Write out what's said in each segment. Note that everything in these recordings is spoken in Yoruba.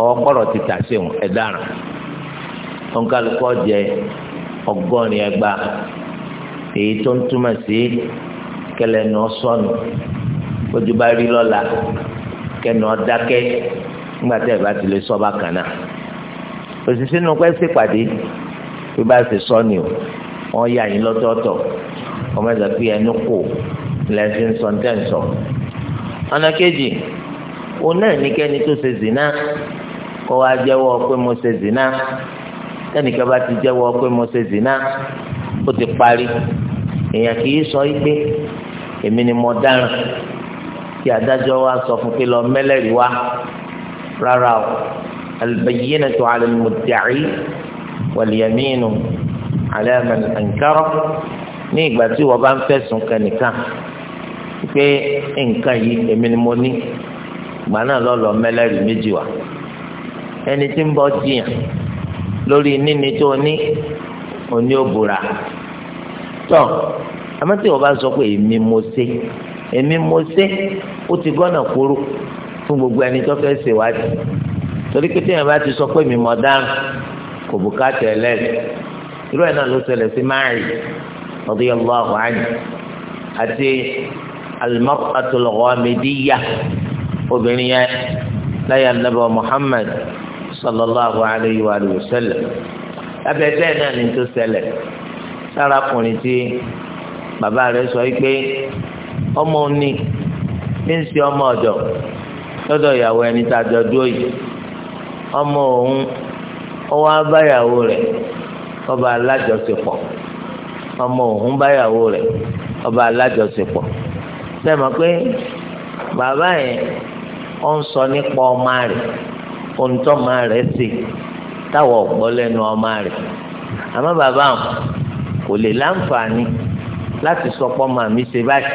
ọwọ́ kọ́rọ̀ ti tà sí òun ẹ̀dáràn ònkálukọ́ jẹ ọgọ́rin ẹgbàá èyí tó ń túmọ̀ sí kẹlẹ́nu ọ̀sọ́nù ojú bá rí lọ́la kẹnu ọ̀dákẹ́ nígbà tẹ́ ẹ̀ bá ti lè sọ́ bákan náà òṣìṣẹ́ inú pẹ́ ṣèpàdé bí bá ṣe sọ o wọ́n yà yín lọ́tọ̀ọ̀tọ̀ ọmọ ẹ̀dá pé ẹnu kò lẹ́sìn sọ̀ńtẹ̀ ọ̀nà kejì òun náà ní kẹ́ni tó ṣe zina kó wá jẹ́wọ́ pé mo ṣe zina kẹ́nìkan bá ti jẹ́wọ́ pé mo ṣe zina ó ti parí èèyàn kì í sọ pé èmi ni mo dáràn kí adájọ́ wa sọ fún pé lọ mẹ́lẹ́rìí wá rárá o albayyinatu ala al-mudda'i wal yaminu ala man ankara ní ìgbà tí wọ́n bá ń fẹ̀sùn kẹ́nìkan pé nǹkan yìí èmi ni mo ní gba náà lọ́lọ́ mẹ́lẹ́rìí méjì wá ẹni tí ń bọ́ jiyàn lórí níní tó ní òní òbúra tọ́ amẹ́tí wọ́n bá sọ pé èmi mo ṣe èmi mo ṣe ó ti gbọ́nà kúrú fún gbogbo ẹni tó fẹ́ ṣèwádìí torí pé téèyàn bá ti sọ pé mi mọ̀ dáhùn kò bùkátà ẹlẹ́rìí irú ẹ̀ náà ló ṣẹlẹ̀ sí máàrì radiyallahu anha àti al-mar'atu al-ghamidiyya. obìnrin yẹn láyé anábọ̀ Muhammad sallallahu alayhi wa sallam lábẹ́ bẹ́ẹ̀ náà ni tó ṣẹlẹ̀ sárakùnrin tí bàbá rẹ̀ sọ pé ọmọ òní ní ń ṣe ọmọ ọ̀dọ̀ lọ́dọ̀ ìyàwó ẹni tá a jọ dúró yìí ọmọ òun ọwọ abáyàwó ọba ọmọ òun báyàwó ọba pé bàbá yẹn ó ń sọ nípa ọmọ rẹ̀ ohun tó ọmọ rẹ̀ ṣe táwọn ọ̀gbọ́ lẹ́nu ọmọ rẹ̀ àmọ́ bàbá àwọn kò lè láǹfààní láti sọ pọ́nmà mi ṣe báyìí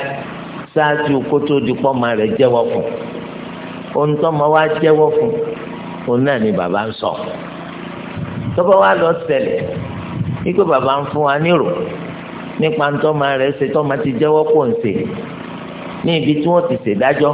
ṣáájú kó tó di pọ́nmà rẹ̀ jẹ́wọ́ fún ohun tó ọmọ wa jẹ́wọ́ fún òun náà ni bàbá ń sọ tọ́pọ̀ wa lọ ṣẹlẹ̀ wípé bàbá ń fún wa nírò nípa ntọ́mọ rẹ̀ ṣe tọ́mọ ti jẹ́wọ́ pọ̀ ń ṣe ní ibi tí wọ́n ti ṣèdájọ́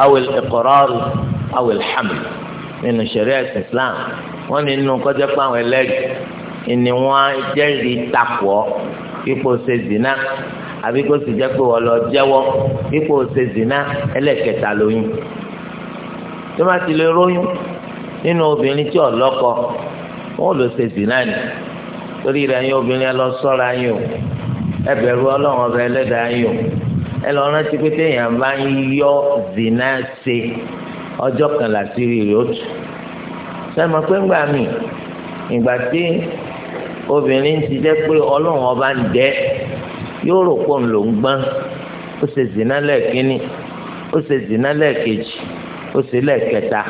awil iqrar awil haml من ṣẹ̀ríà islam wọ́n ní inú kọjá pé àwọn ẹlẹ́rìí ni wọ́n jẹ́rìí takọ̀ ipò ṣe zina àbí kó sì jẹ́ pé wọ́n lọ jẹ́wọ́ ipò ṣe zina ẹlẹ́kẹta lóyún tó bá ti lè róyún nínú obìnrin tí ò lọ́kọ wọn lọ ṣe zina ni torí rẹ̀ yín obìnrin ẹ lọ sọ́ra yín o ẹ bẹ̀rù ọlọ́run ọba ẹlẹ́dàá yín o ẹ lọ rántí pé téèyàn bá ń yọ zina ṣe ọjọ́ kan láti rí rè ó tù sẹ́mi pé ńgbà mí ìgbà tí obìnrin ti jẹ́ pé ọlọ́run ọba ń dẹ́ yóò rò pọ̀ ńlò ń gbọ́n ó ṣe zina lẹ́ẹ̀kínní ó ṣe zina lẹ́ẹ̀kejì ó ṣe lẹ́ẹ̀kẹta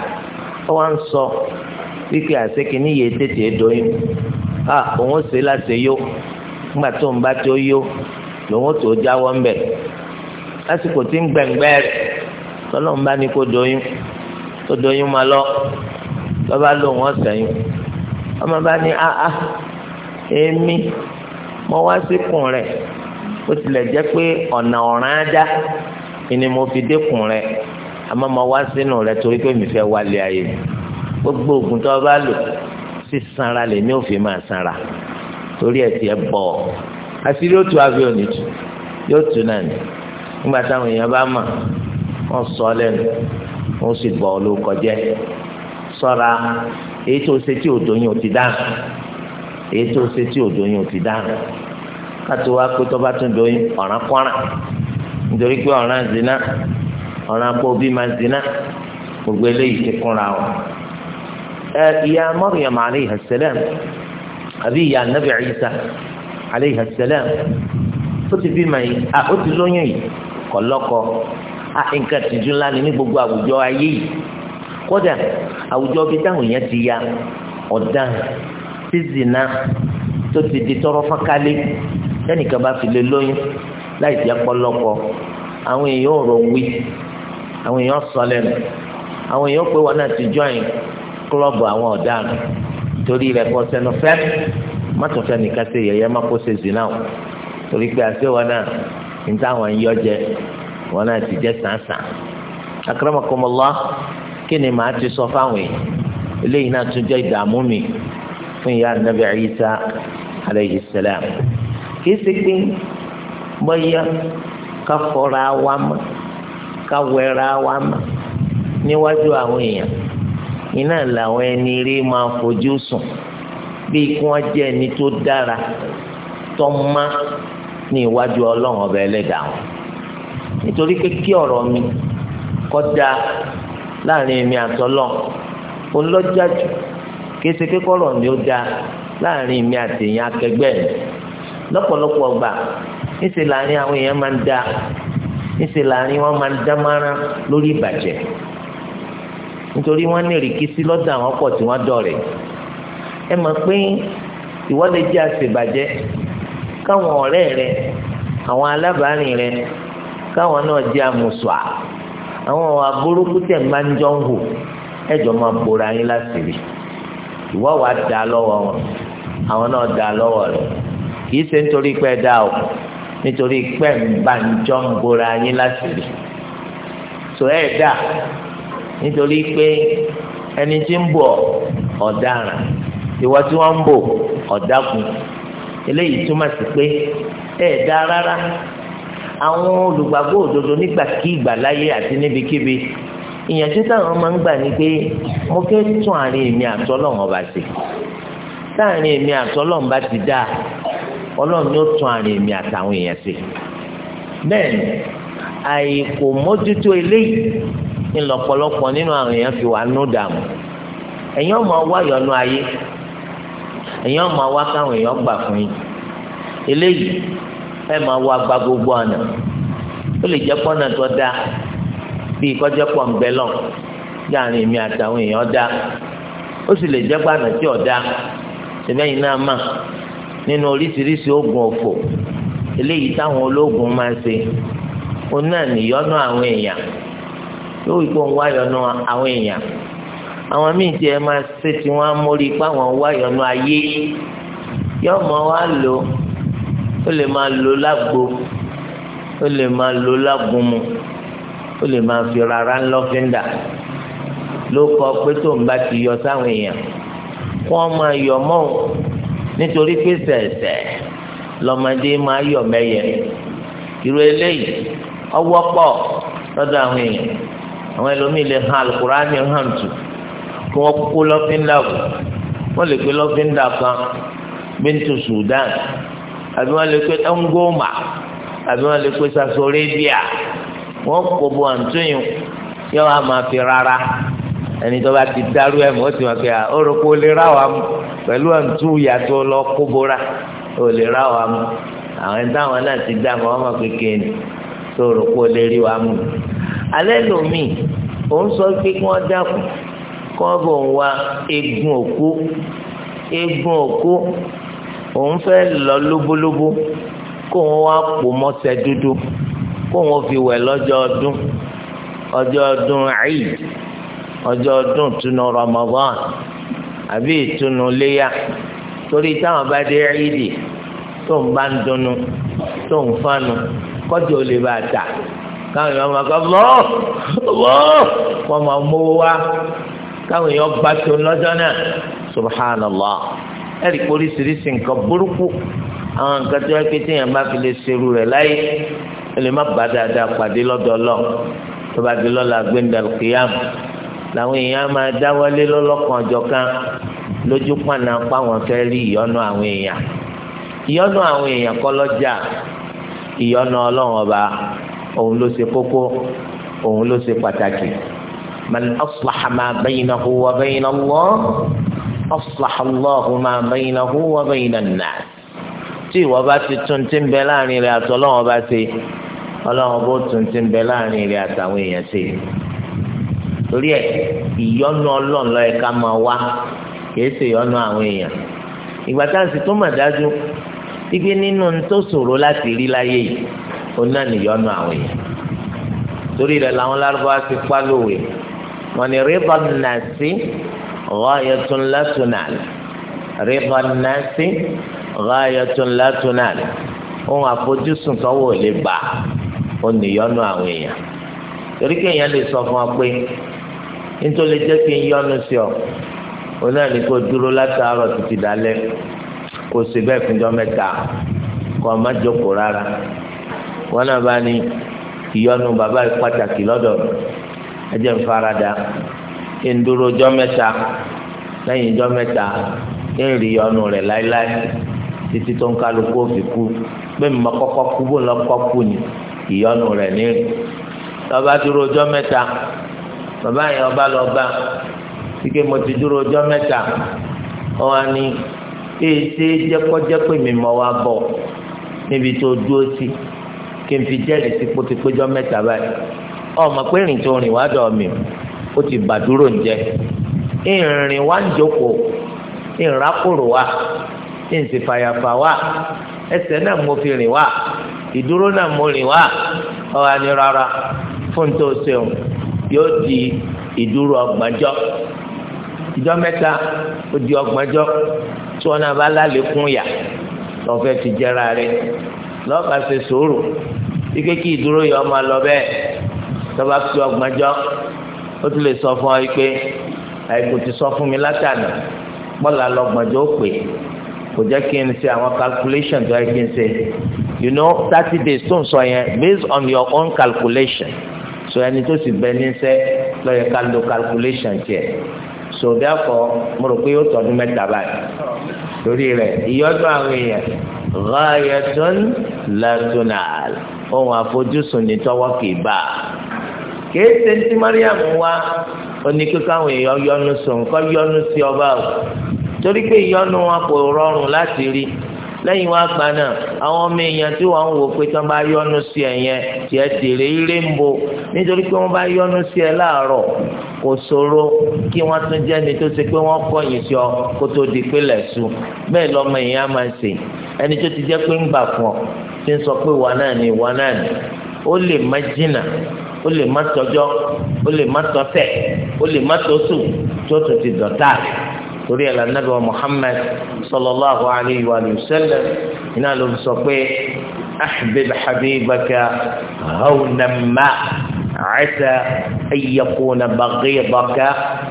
ó wá ń sọ kíkẹ́ àṣekínní yìí tètè dọ́yìn à òun ó ṣe láṣẹ yó ńgbà tó ń bá tó yó lòun ó tó jáwọ́ ńbẹ̀ lásìkò tí ń gbẹ̀ngbẹ́ rẹ̀ tọ́lọ́mù bá ní kó doyún tó doyún máa lọ lọ́ba lò wọ́n sẹ́yìn ọmọ bá ní áá ah, ah, èmi mo wá síkùn rẹ̀ ó tilẹ̀ jẹ́ pé ọ̀nà ọ̀ràn ajá ni mo fi dékùn rẹ̀ àmọ́ mo wá sínú rẹ̀ torí pé mi fẹ́ wálé ayé gbogbo oògùn tó o bá lò sísanra lè ní òfin máa sanra torí ẹ̀ tiẹ̀ bọ̀ àṣírí ó tu àbí òní tu yóò tu náà ni. nígbà táwọn èèyàn bá mọ̀ wọ́n sọ ọ́ lẹ́nu sì bọ̀ ló èyí tó ṣe tí yín ti dáhùn èyí tó ṣe tí òdò yín ò ti dáhùn kátó wá pé tó ọ̀ràn nítorí zina ọ̀ràn pọ̀ bí zina gbogbo eléyìí ti kúnra o. ẹ ìyá Maryam alayhi àbí Isa ó ti bí ma yìí ó ti lóyún yìí. kọ̀lọ́kọ̀ a nǹkan tìjú ńlá ni ní gbogbo àwùjọ ayé yìí kódà àwùjọ bíi táwọn èèyàn ti ya ọ̀daràn tí zina tó ti di tọrọ fọ́nkálé tẹ́nìkan bá fi lè lóyún láì jẹ́ pọ́lọ́kọ àwọn èèyàn ò rọ̀wí àwọn èèyàn sọ lẹ́nu àwọn èèyàn pé wọn náà ti join klọ́ọ̀bù àwọn ọ̀daràn torí rẹ̀ kọ́ sẹ́nu fẹ́ mọ́tò fẹ́ nìkan ṣe yẹ̀yẹ́ má kó ṣe zina o torí pé àṣẹ wọn náà nítawọn yọ jẹ wọn náà ti jẹ sàǹsàn akramakumullah kí ni màá ti sọ fáwọn èèyàn eléyìí náà tún jẹ ìdààmú mi fún ìyá Ànábì Ìsá alayhi salam kì í ṣe pé bóyá ká fọra wa mọ́ ká wẹra wa mọ́ níwájú àwọn èèyàn iná làwọn ẹni rí máa fojú sùn bí kí wọ́n jẹ́ ẹni tó dára tó máa ní iwájú ọlọ́run ọba ẹlẹ́dàá wọn nítorí pé kí ọ̀rọ̀ mi kọ́ da láàrin èmi àtọ́lọ́ òun lọ jáde kí ẹsẹ̀ pé kọ́rọ̀ mi ó da láàrin èmi àti èèyàn akẹgbẹ́ mi lọ́pọ̀lọpọ̀ ọgbà níṣẹ́ láàrin àwọn èèyàn máa ń da níṣẹ́ láàrin wọn máa ń dá márán lórí ìbàjẹ́ nítorí wọ́n ní ìrìkísí lọ́dọ̀ àwọn ọkọ̀ tí wọ́n dọ̀ rẹ̀ ẹ mọ̀ pé ìwọ́de jẹ́ àṣebàjẹ́ káwọn ọ̀rẹ́ rẹ àwọn alábàárìn rẹ káwọn náà jẹ́ àmùsùà àwọn ọ̀wà burúkú tẹ̀ máa ń jọ ń hù ẹ̀jọ̀ máa bora yín láṣìírí ìwọ́ wàá dá lọ́wọ́ wọn àwọn náà dá lọ́wọ́ rẹ kìí ṣe nítorí pé dá o nítorí pé ń bá ń jọ ń bora yín láṣìírí sọ ẹ̀ dá nítorí pé ẹni tí ń bọ̀ ọ̀daràn ìwọ tí wọ́n ń bọ̀ ọ̀dákun eléyìí túmọ̀ sí pé ẹ̀ dá rárá àwọn olùgbàgbọ́ òdodo nígbàkigbà láyé àti níbikíbi ìyànjú táwọn máa ń gbà ní pé mo fẹ́ tún àárín èmi àtọ́lọ́run ọba sí táàrin èmi àtọ́lọ́run bá ti dáa ọlọ́run yóò tún àárín èmi àtàwọn èèyàn sí bẹ́ẹ̀ ni àìkò mójútó eléyìí ńlọ́pọ̀lọpọ̀ nínú àwọn èèyàn fi wà nù dààmú ẹ̀yin ọmọ wáyọ̀ nù ayé ẹ̀yin ọmọ wa káwọn èèyàn gbà fún yín eléyìí ẹ máa wá gba gbogbo ọ̀nà ó lè jẹ́ pọ́nà tó dáa bíi kọ́jọ́ pọ̀ ń bẹ́ lọ́n láàrin èmi àtàwọn èèyàn dáa ó sì lè jẹ́ pọ́nà tí ò dáa ṣẹ̀fẹ̀yìn náà mà nínú oríṣiríṣi oògùn òfò eléyìí táwọn máa ń ṣe náà nìyọ́nú àwọn èèyàn yóò wípé òun wá àwọn èèyàn àwọn míì tí ẹ máa ṣe tí wọ́n á mórí ipá wọn wá ìyọnu ayé yóò mọ wá lò ó lè máa lò lágbo ó lè máa lò lágùnmu ó lè máa fi rárá ńlọ́fíńdà ló kọ pé tó ń bá ti yọ sáwọn èèyàn wọ́n máa yọ mọ́ nítorí pé sẹ̀sẹ̀ lọ́mọdé máa yọ mẹ́yẹ irú eléyìí ọwọ́ pọ̀ lọ́dọ̀ àwọn èèyàn àwọn ẹlòmíì lè hàn alukurani hàn tù kí wọ́n kó lọ́fíńdà kù wọ́n lè pe lọ́fíńdà kan bíntu Sudan àbí wọ́n lè pe Ngoma àbí wọ́n lè pe Saudi Arabia wọ́n kó bu àǹtóyìn yẹ wọ́n á máa fi rárá ẹni tó bá ti dárú ẹ̀ mọ́ ó ti wọ́n pe ọ̀rọ̀kọ́ lè rá wa mu pẹ̀lú àǹtú yàtọ̀ lọ kó bora ó lè rá wa mu àwọn ẹni táwọn náà ti dá wọn ọmọ kékeré ni tó rò kó lè rí wa mu. alẹ́ lomi òun sọ pé kí wọ́n dákun kọ́ bò ń wá egun òkú egun òkú òun fẹ́ lọ lóbólóbó kó wọn wá pò mọ́sẹ̀ dúdú kó wọn fi wẹ̀ lọ́jọ́ ọdún ọjọ́ ọdún Eid ọjọ́ ọdún ìtúnu Ramadan àbí ìtúnu léyà torí táwọn bá dé Eid tó ń bá ń dunnú tó ń fánu kọ́jú ò lè bá a ta káwọn èèyàn máa kọ́ bọ́ bọ́ wọ́n máa mówó wá táwọn èèyàn bá tó lọ́jọ́ náà subhanallah ẹ̀rí oríṣiríṣi nǹkan burúkú àwọn nǹkan tó yẹ pé téèyàn bá fi lè ṣerú rẹ̀ láyé ẹ lè má bá dáadáa pàdé lọ́dọ̀ Ọlọ́run tó bá di lọ́la gbẹ̀ndà kìyàm làwọn èèyàn máa dáwọ́lé lọ́lọ́kan ọ̀jọ̀kan lójú pàná páwọn fẹ́ rí ìyọ́nú àwọn èèyàn ìyọ́nú àwọn èèyàn kọ́ lọ́jà ìyọ́nú Ọlọ́run ọba òun ló ṣe kókó òun ló ṣe pàtàkì. من أصلح ما بينه وبين الله أصلح الله ما بينه وبين الناس tí ìwọ bá ti tún ti ń bẹ láàrin rẹ àti ọlọ́run bá ṣe ọlọ́run bó tún ti ń bẹ láàrin rẹ àtàwọn èèyàn ṣe torí ẹ ìyọ́nú ọlọ́run ló yẹ máa wá kìí ṣe ìyọ́nú àwọn èèyàn ìgbà tá à ń sì tó mà dájú wípé nínú tó ṣòro láti rí láyé yìí òun náà nìyọ́nú àwọn èèyàn torí rẹ làwọn lárúbáwá ti pa wọn ni rírọ nàásì ghayatun latunal rírọ nàásì ghayatun latunal ohun àfojúsùn tọwọ ò lè bà ó nìyọnu àwọn èèyàn torí kéèyàn lè sọ fún wa pé nítorí jẹ́ kí n yọnu sí ọ òun náà ní kó dúró látàárọ̀ títí dalẹ́ kó sì bẹ́ẹ̀ fúnjọ́ mẹ́ta kó má jókòó rárá wọn náà bá ní ìyọnu bàbá pàtàkì lọ́dọ̀ ẹjẹ ń farada ń dúró jọ́ mẹ́ta lẹ́yìn jọ́ mẹ́ta ń rí ọnu rẹ̀ láéláé títí tó ń kálukú òfin kú pé mo kọ́kọ́ kú bó lọ kọ́ ni ìyọnu rẹ̀ ní rí lọ́ba dúró jọ́ mẹ́ta bàbá yẹn ọba lọ́ba síké mo ti dúró jọ́ mẹ́ta ọ̀hán ni èsì jẹ́kọ́jẹ́kọ́ mi mọ̀ wá bọ̀ níbi tó dúró sí kí n fi jẹ́rìí sí pótípéjọ́ mẹ́ta báyìí. ọmọ pé rìn tó rìn wá dọ̀ mí ó ti bàdúrò ń jẹ ìrìn wá ń jókòó ìrákòrò wá ìǹsì fàyàfà wá ẹsẹ̀ náà mo fi rìn wá ìdúró náà mo rìn wá ọ̀hà ni rárá fún tó ṣeun yóò di ìdúró ọgbọ̀njọ́ ìjọ mẹ́ta ó di tí wọn náà bá yà lọ́fẹ́ ti jẹ́ra rẹ ike ìdúró yọ ọmọ lọ bẹ́ẹ̀. tọ́ba fi ọgbọ́njọ́ ó ti lè sọ fún ọ pé àìkú ti sọ fún mi látàná bọ́ọ̀lù alọ́gbọ́njọ́ ó pè kò jẹ́ kí n ṣe àwọn calculation tó yẹ kí n ṣe you know thirty days tó ń sọ yẹn based on your own calculation so ẹni tó sì bẹ níṣẹ́ lọ́yẹ ká lo calculation tiẹ̀ so therefore mo rò pé yóò tọdún mẹ́ta báyìí lórí rẹ̀ ìyọ́dún àwọn èèyàn ghayatun latunal ohun àfojúsùn ní tọwọ́ kì í bá a kìí ṣe ní tí mariam wá oníkíkọ àwọn èèyàn yọnu sùn kọ yọnu sí ọba o torí pé ìyọnu wọn kò rọrùn láti rí lẹ́yìn wá gbà náà àwọn ọmọ èèyàn tí wọ́n ń wò pé tí wọ́n bá yọnu sí ẹ̀ yẹn tiẹ̀ tèrè ilé ń bo nítorí pé wọ́n bá yọnu sí ẹ láàárọ̀ kò ṣòro kí wọ́n tún jẹ́ ni tó ṣe pé wọ́n kọ̀yìn sí ọ kó tó di pé lẹ̀sùn bẹ́ẹ̀ lọ́mọ èèyàn máa ń ṣe ẹni tó ti jẹ́ pé ń gbà fún ọ ti ń sọ pé wà náà ni wà náà ni ó lè má jìnnà ó lè má tọjọ́ ó lè má tọ́tẹ̀ ó lè má tọ́sù tí ó tún ti dọ̀tà rẹ̀ torí ẹ̀ lànàbẹ̀ wa Muhammad sallallahu alayhi wa sallam iná ló sọ pé ahbib habibaka hawnan ma عسى أن يكون بغيضك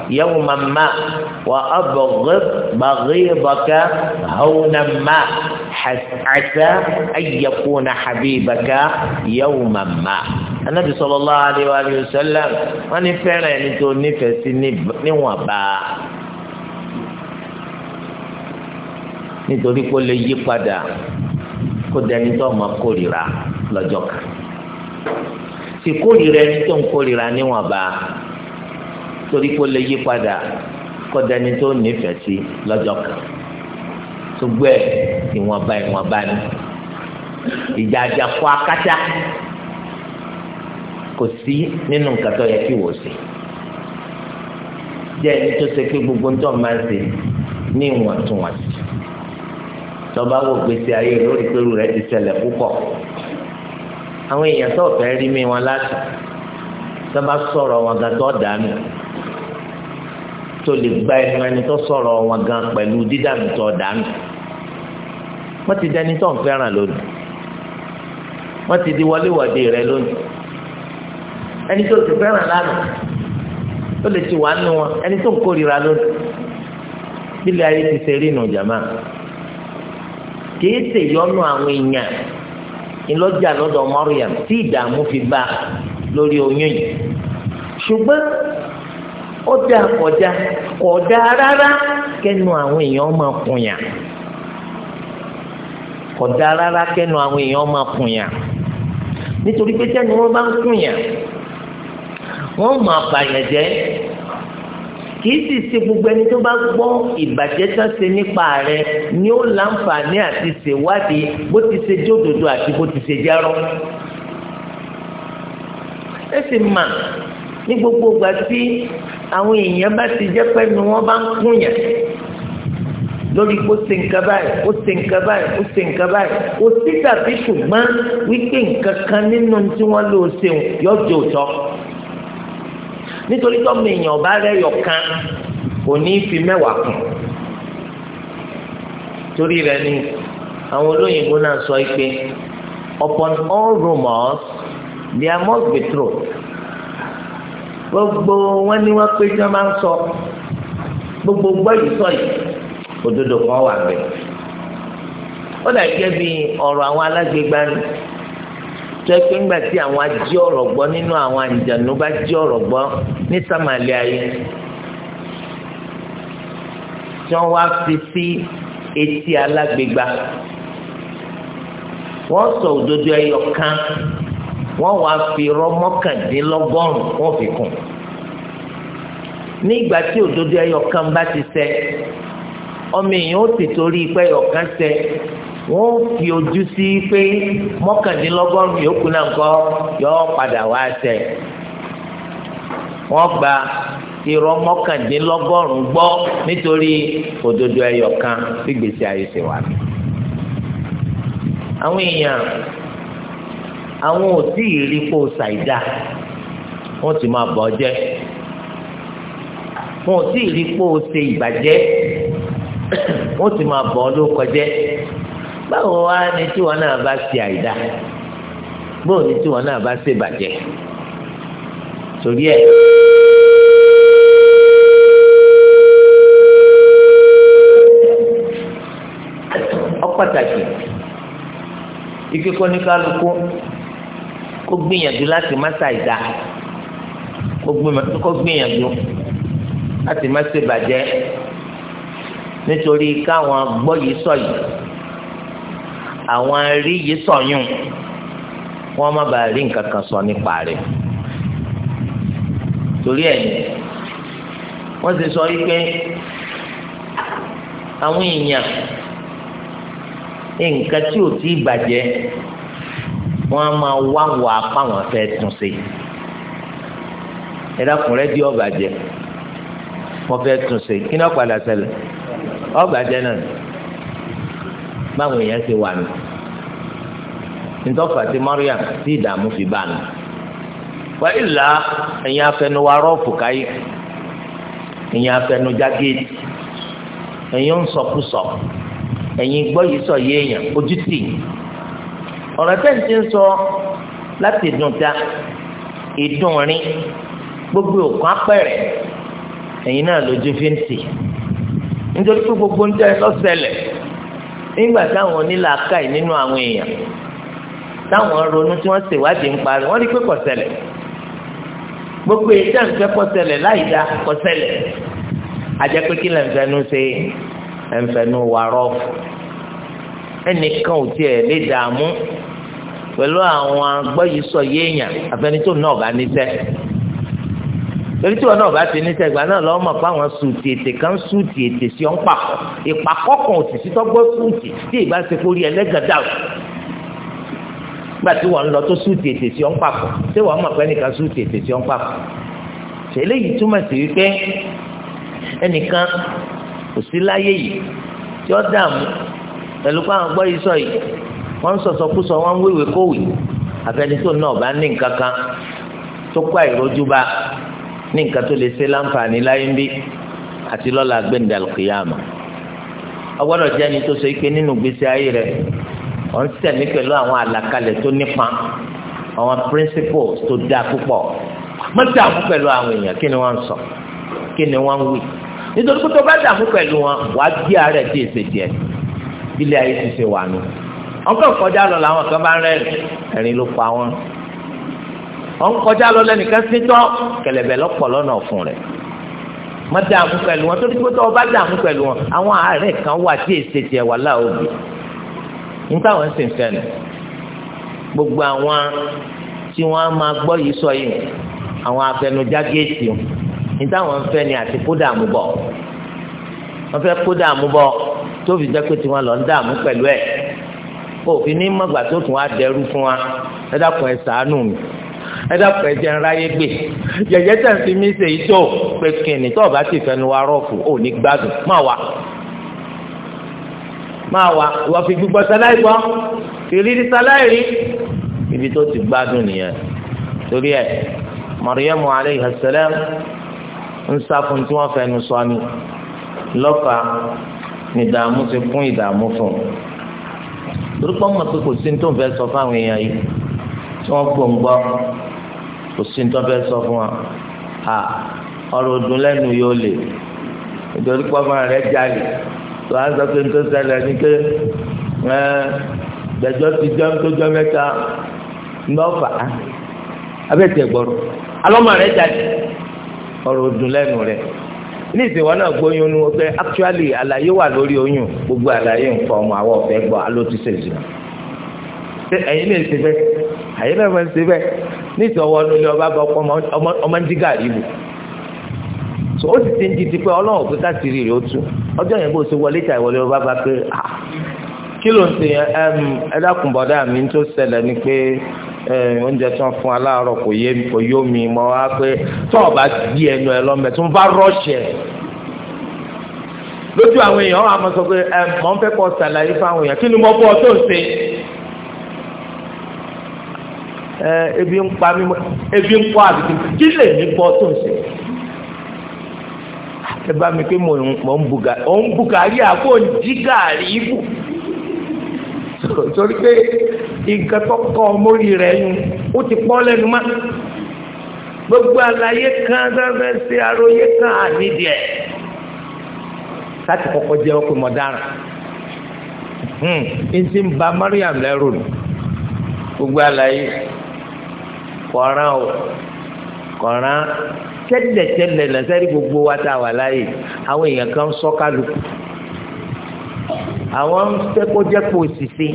يوما ما وأبغض بغيضك هونا ما àṣà ayyakuna habibaka yawman ma anabi sallallahu alayhi wa sallam wọn ní fẹ́ràn ẹni tó nífẹ̀ẹ́ sí níwọ̀n bá nítorí kó lè yí padà kó dẹni tó ọmọ kórìíra lọ́jọ́ kan sì kórìíra ẹni tó ń kórìíra níwọ̀n bá torí kó lè yí padà kó dẹni tó nífẹ̀ẹ́ sí lọ́jọ́ kan ṣùgbọ́n ẹ̀ ìwọ̀nba ìwọ̀nba ni ìjà àjàkọ akátá kò sí nínú nǹkan tó yẹ kí wò sí jẹ́ ẹni tó ṣe pé gbogbo ńtọ́ máa ń ṣe ní ìwọ̀ntúnwọ̀nsì tọ́ba wò gbèsè ayé lórí pẹ̀lú rẹ̀ ti ṣẹlẹ̀ púpọ̀ àwọn èèyàn tó fẹ́ rí mi wọn láti tọ́ba sọ̀rọ̀ wọn gan dànù tó lè gba ẹnu ẹni tó sọ̀rọ̀ wọn gan pẹ̀lú dídàmì tó dànù wọ́n ti dẹni tó ń fẹ́ràn lónìí wọ́n ti di wọléwọ̀de rẹ lónìí ẹni tó ti fẹ́ràn lánàá ó lè ti wà nù wọn ẹni tó ń kórìíra lónìí bílẹ̀ ayé ti ṣe rí nù jàmá kìí ṣe yọnu àwọn èèyàn ìlọ́jà lọ́dọ̀ mọ́ríyàm tí ìdààmú fi bá lórí oyún yìí ṣùgbọ́n ó dá kọjá kọjá rárá kẹnu àwọn èèyàn máa kùnyà kọjá rárá kẹnu àwọn èèyàn máa kùnyà nítorí pé tẹ́ni wọ́n bá ń kùnyà wọ́n máa bàyàn kìí sì ṣe gbogbo ẹni tó bá gbọ́ ìbàjẹ́ tán ṣe nípa rẹ̀ ni ó láǹfààní àti ṣèwádìí bó ti ṣe jẹ́ òdodo àti bó ti ṣe jẹ́rọ́. ẹ sì mà ní gbogbo ìgbà tí àwọn èèyàn bá ti jẹ́ pé ni wọ́n bá ń kúnyà lórí kó ṣe nǹkan báyìí kó ṣe nǹkan báyìí kó ṣe nǹkan báyìí kò sí tàbí ṣùgbọ́n wípé nǹkan kan nínú tí wọ́n lò ṣeun yọjọ́ òtọ́ nítorí tó mi èèyàn bá rẹ́yọ̀ kan kò ní fi mẹ́wàá kùn torí rẹ̀ ni àwọn olóyìnbó náà sọ pé upon all rumors, there must be truth gbogbo wọn ni wọn pé tí wọn máa ń sọ gbogbo gbọ́ yìí sọ yìí òdodo kan wà bẹ́ẹ̀ ó dà jẹ́ bí ọ̀rọ̀ àwọn alágbègbè ni tẹ́ pé ńgbà tí àwọn ají ọ̀rọ̀ gbọ́ nínú àwọn àǹjànú bá jí ọ̀rọ̀ gbọ́ ní sàmàlẹ́ ayé tí wọ́n wá fi sí etí alágbègbè wọ́n sọ òdodo ẹyọ kan wọ́n wá fi irọ́ mọ́kàndínlọ́gọ́rùn wọ́n fi kún nígbà tí òdodo ẹyọ kan bá ti ṣẹ ọmọ èèyàn ó ti torí pé ẹyọ kan ṣẹ wọ́n fi ojú sí pé mọ́kàndínlọ́gọ́rùn yòókù náà kọ́ yọ padà wá ṣẹ wọ́n gba irọ́ mọ́kàndínlọ́gọ́rùn gbọ́ nítorí òdodo ẹyọ kan gbígbèsè ayé àwọn èèyàn àwọn ò tí ì rí kó ṣàìdá wọn ti máa bọ̀ jẹ́ wọn ò tí ì rí kó ṣe ìbàjẹ́ wọn ti máa bọ̀ ló kọjẹ́ báwo wá ni tí wọn náà bá ṣe àìdá báwo ni tí wọn náà bá ṣe ìbàjẹ́ torí ẹ̀. pàtàkì ike kọ́ni kálukú kó gbìyànjú láti má ṣàìdá kó gbìyànjú láti má ṣe bàjẹ́ nítorí káwọn gbọ́ yìí sọ yìí àwọn rí yìí sọyún wọn má bàa rí nǹkan kan sọ nípa rẹ̀ torí ẹ̀ wọ́n ti sọ wípé àwọn èèyàn nǹkan tí ò tí ì bàjẹ́. wọn a máa wá wà fáwọn fẹ́ tún sí ẹ dákun rẹ́díò ọ̀bàjẹ́ wọn fẹ́ tún sí kí náà padà náà báwọn èèyàn wà nù ntọ́fà tí Mariam tí ìdààmú fi bá nù wà ìlà afẹnuwa rọ́ọ̀fù káyé ń sọkúsọ gbọ́ yìí sọ ọ̀rọ̀ tẹ́ǹtì ń sọ láti dùn ta ìdùn rin gbogbo òkan apẹ̀rẹ̀ ẹ̀yin náà lójú fi ń tì nítorí pé gbogbo ń tẹ́ lọ́sẹ̀lẹ̀ nígbà táwọn onílàákàyè nínú àwọn èèyàn táwọn ronú tí wọ́n ṣèwádìí ń parí wọ́n rí pé kọ̀sẹ̀lẹ̀ gbogbo ètò àǹfẹ́ kọ̀sẹ̀lẹ̀ láì dá kọ̀sẹ̀lẹ̀ àjẹ́ pé kí lẹ́nfẹ̀ẹ́nu ṣe ẹ̀nfẹ̀ẹ́nu wà rọ́ọ̀fù ẹnìkan ò tiẹ̀ lè dààmú pẹ̀lú àwọn agbọ́yìísọ yéèyàn àfẹnitó náà bá níṣẹ́ torí tí wọn náà bá ti níṣẹ́ ìgbà náà lọ́wọ́ mọ̀ pé àwọn sùtì ètè kan sùtì ètè sí ọ́n papọ̀ ìpàkọ́kàn òtítí tọ́gbọ́ sùtì tí ìbá ṣe kórí ẹlẹ́gàdà nígbà tí wọ́n ń lọ tó sùtì ètè sí ọ́n papọ̀ tí wọ́n mọ̀ pé ẹnìkan sùtì ètè sí ọ́n papọ̀ ṣẹlẹ̀ yìí túmọ̀ sí wípé ẹnìkan kò sí láyé yìí tí ó dààmú pẹ̀lú pé àwọn gbọ́ yìí sọ yìí wọ́n ń sọ̀sọ̀kúsọ wọ́n ń wéwèé kówì àfẹnitó náà bá ní nǹkan kan tó kọ́ àìrójú bá ní nǹkan tó lè ṣe láǹfààní láyé ń bí àti lọ́la gbẹ̀ndàlùkìyàmà ọgbọ́dọ̀ jẹ́ ni tó so ike nínú gbèsè ayé rẹ̀ ọ̀ ń tẹ̀lé pẹ̀lú àwọn àlàkalẹ̀ tó nípa àwọn principles tó dáa púpọ̀ má dààmú pẹ̀lú àwọn èèyàn kí ni wọ́n ń sọ kí ni wọ́n ń wí nítorí pé tó bá dààmú pẹ̀lú wọn wàá gbé ara ẹ̀ dé èsè ilé ayé ti ṣe wà nù wọn kàn kọjá lọ làwọn kan bá ń rẹ́rìn ẹ̀rín ló pa wọn wọn kọjá lọ lẹ́nìkan sítọ́ kẹlẹ̀bẹ̀ lọ́pọ̀ lọ́nà ọ̀fun rẹ̀ má dààmú pẹ̀lú wọn torí pé tó o bá dààmú pẹ̀lú wọn àwọn àárẹ̀ kan wà tí èsì tiẹ̀ wà láòbí níta wọn sì ń fẹ́ nù gbogbo àwọn tí wọ́n máa gbọ́ yìí sọ yìí àwọn afẹnujá géètì níta wọn fẹ́ ni àti kó dààmú bọ̀ wọ́n fẹ́ kó dààmú bọ̀ tó fi jẹ́ pé tí wọ́n lọ ń dààmú pẹ̀lú ẹ̀ òfin ní mọ̀gbà tó tún wá dẹrú fún wa ẹ dákun ẹ ṣàánú mi ẹ dákun ẹ jẹ́ ń ráyé gbé yẹ̀yẹ́ tẹ̀ ń fi mí ṣe ìjọ pé kìnnì tó o bá ti fẹnu wa rọ́ọ̀fù ò ní gbádùn má wa má wa ìwọ fi gbígbọ́ sáláì gbọ́ ìrírí sáláì rí ibi tó ti gbádùn nìyẹn torí ẹ Maryamu alayhi ń sá fún tí wọ́n fẹnu sọ ni lọ́fà ní ìdààmú ti kún ìdààmú fún un torípọ mọ pé kò sí ní tó ń fẹ́ sọ fáwọn èèyàn yìí tí wọn gbọ́ gbọ́ kò sí ní tó ń fẹ́ sọ fún wa à ọ̀rọ̀ ọdún lẹ́nu yóò lè nítorí pọmọ rẹ jalè tó a sọ pé nítorí ṣẹlẹ̀ ní pé ẹ gbẹjọ ti jẹun tó jọ mẹ́ta ńlọfà abẹ́tẹ̀ gbọ́rọ̀ alọ́mọ rẹ jalè ọ̀rọ̀ ọdún lẹ́nu rẹ. ní ìsìnwá náà gbóyún ní wọ́n actually àlàyé wà lórí oyún gbogbo àlàyé nǹkan ọmọ àwọn ọ̀fẹ́ gbọ́ alótúnṣe jìnnà ṣé ẹ̀yin lè ṣe bẹ́ẹ̀ ẹ̀yin náà máa ń ṣe bẹ, ní ìsọ̀wọ́ ọdún ilé ọba bá ọmọ so ó ti ń di ti pé ọlọ́run pé káàkiri rẹ̀ ó tù ọjọ́ yẹn bó ṣe wọlé ìta ìwọlé ọba bá pé ah, kí ló ń ṣe ni pé Eh, oúnjẹ tí wọ́n fún aláàárọ̀ kò yé mi kò yó mi mọ́ wá pé tó o bá di ẹnu ẹ lọ́mọ tó ń bá rọ́ọ̀ṣì ẹ̀ lójú àwọn èèyàn wà máa sọ pé ẹ mọ̀ ń fẹ́ kọ́ ṣàlàyé fáwọn èèyàn kí ni mo bọ́ tó ń ṣe ẹ eh, ebi ń pa mí ebi ń pọ̀ àbí kí lè ní bọ́ tó ṣe ẹ bá mi pé mo ń bu gàrí àpò ń jí gàrí bù. torí pé nǹkan tó kọ́ mórí rẹ̀ yun ó ti pọ́ lẹ́nu mọ́ gbogbo àlàyé kan fẹ́fẹ́ sí aróyé kan ànídìí ẹ̀ láti kọ́kọ́ jẹ́ ọkùnrin mọ̀dáràn hmm, n ti ń ba Mariam lẹ́rù nù gbogbo àlàyé kọ̀ọ̀ràn o kọ̀ọ̀ràn tẹ́lẹ̀tẹ́lẹ̀ lẹ́sẹ̀rí gbogbo wa tá wà láàyè àwọn èèyàn kan sọ́kàlùkù àwọn ń fẹ́ kó jẹ́ pò òṣìṣẹ́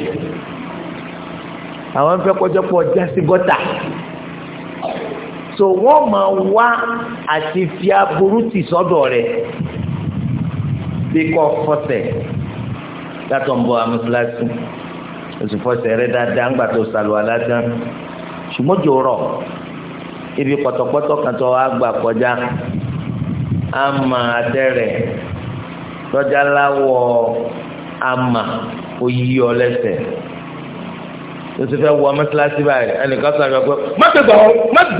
àwọn ń fẹ́ kó jẹ́ pò ọjà sí gọ́tà so wọ́n máa wá àti fi aburú tì sọ́dọ̀ rẹ̀ bí kò fọ́sẹ̀ látọ̀ ń bọ̀ amúsíláṣí oṣù fọ́sẹ̀ rẹ̀ dáadáa ń gbà tó sàlùwà lásán ṣùgbọ́n jò rọ̀ ibi pọ̀tọ̀pọ̀tọ̀ kan tó wá gbà kọjá á máa tẹ́rẹ̀ lọ́jà láwọ̀ ama oyi ọ lẹ́sẹ̀ o ti fẹ́ wọ mọ́sálásí báyìí ẹnìkan sọ àgbà pé má ti gbà wọ má o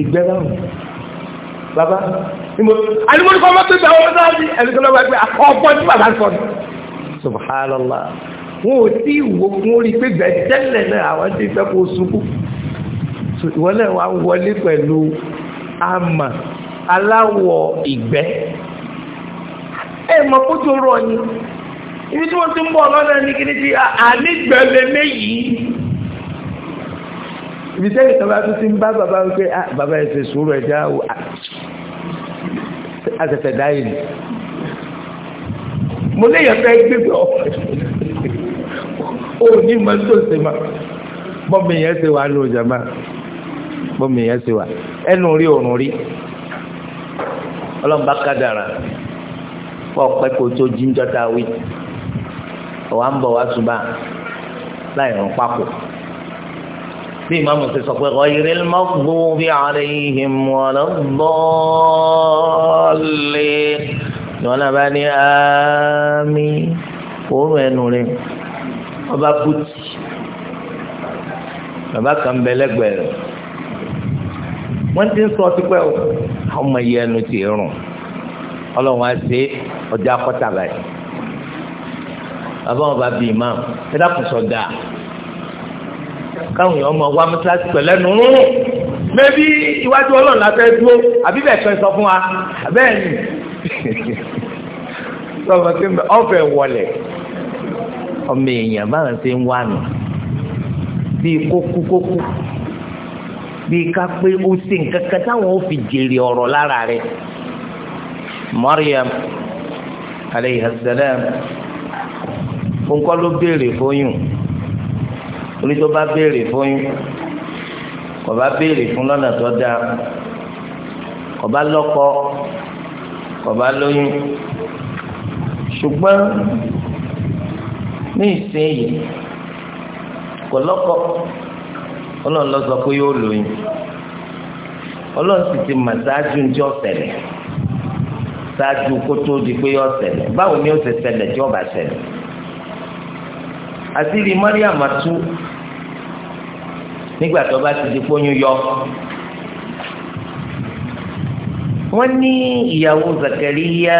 ìgbẹ́ báwo bàbá ìmọ̀ alimọ̀ni kọ́ má ti gbà wọ mọ́sálásí ẹnìkan lọ́wọ́ ẹgbẹ́ ọgbọ́n tí bàbá sọ ni subhanallah wọn ò tí wo wọn rí i pé gbẹ̀tẹ́lẹ̀ náà àwọn ti fẹ́ kó ṣubú ìwọ náà wà wọlé pẹ̀lú ama aláwọ̀ ìgbẹ́. ẹ mọ̀ kójú orú ọ̀yìn ibi tí wọ́n ti ń bọ̀ lọ́dọ̀ ní kí ní ti méyìí ibi bá tún ti ń bá bàbá wípé bàbá ẹ̀sẹ̀ sùúrù ẹ̀já àtẹ̀tẹ̀ dáyé ni mo léyàn fẹ́ gbégbé ọ̀fẹ́ ó ní mọ́ tó ṣe máa bọ́mì yẹn ṣe wà lóò jàmá bọ́mì yẹn ṣe wà ẹnu rí kọ́ ọ̀pẹ́ kó tó jíjọ́ ta wí ọ̀wá ń bọ̀ wá ṣùgbọ́n láì rán pákó bí ìmáàmù ti sọ pé ọ̀yẹ̀rẹ̀ mọ́gbó bí ààrẹ yìí mọ̀ ọ́ bọ́ọ̀lì ni wọn náà bá ní àmì òórùn ẹnu rẹ ọba bùtì bàbá kan bẹ lẹ́gbẹ̀ẹ́ rẹ wọn ti ń sọ tipẹ́ ọmọ yìí ẹnu ti rùn Ọlọ́run á ṣe é ọjà kọta báyìí bàbá wọn bá bí imam ẹ dákun sọ dáa káwọn èèyàn máa wá mọ́tíláṣí pẹ̀lẹ́ nù ún mẹ́bí iwájú ọlọ́run la fẹ́ dúró àbí bẹ́ẹ̀ fẹ́ sọ fún wa bẹ́ẹ̀ ni sọ̀rọ̀ pé ọ̀fẹ́ wọlé ọmọ èèyàn báwọn ṣe ń wá nù bíi kókúkókú bíi ká pé ó ṣe nǹkan kan táwọn ó fi jèrè ọ̀rọ̀ lára rẹ̀ Mariam aleyhi salam nǹkan ló béèrè fóyún orí tó bá béèrè fóyún kò bá béèrè fún lọ́nà tó dáa kò bá lọ́kọ kò bá lóyún ṣùgbọ́n ní ìsinyìí kò lọ́kọ ọlọ́run lọ sọ pé yóò lóyún ọlọ́run sì ti mà sáájú ní ọ̀sẹ̀ ṣáájú kótó di pé yọ ṣẹlẹ̀ báwo ni ó ṣe ṣẹlẹ̀ tí ó bá ṣẹlẹ̀ àṣírí Mariam tú nígbà tó bá ti di pọ́nyú yọ wọ́n ní ìyàwó Zakariya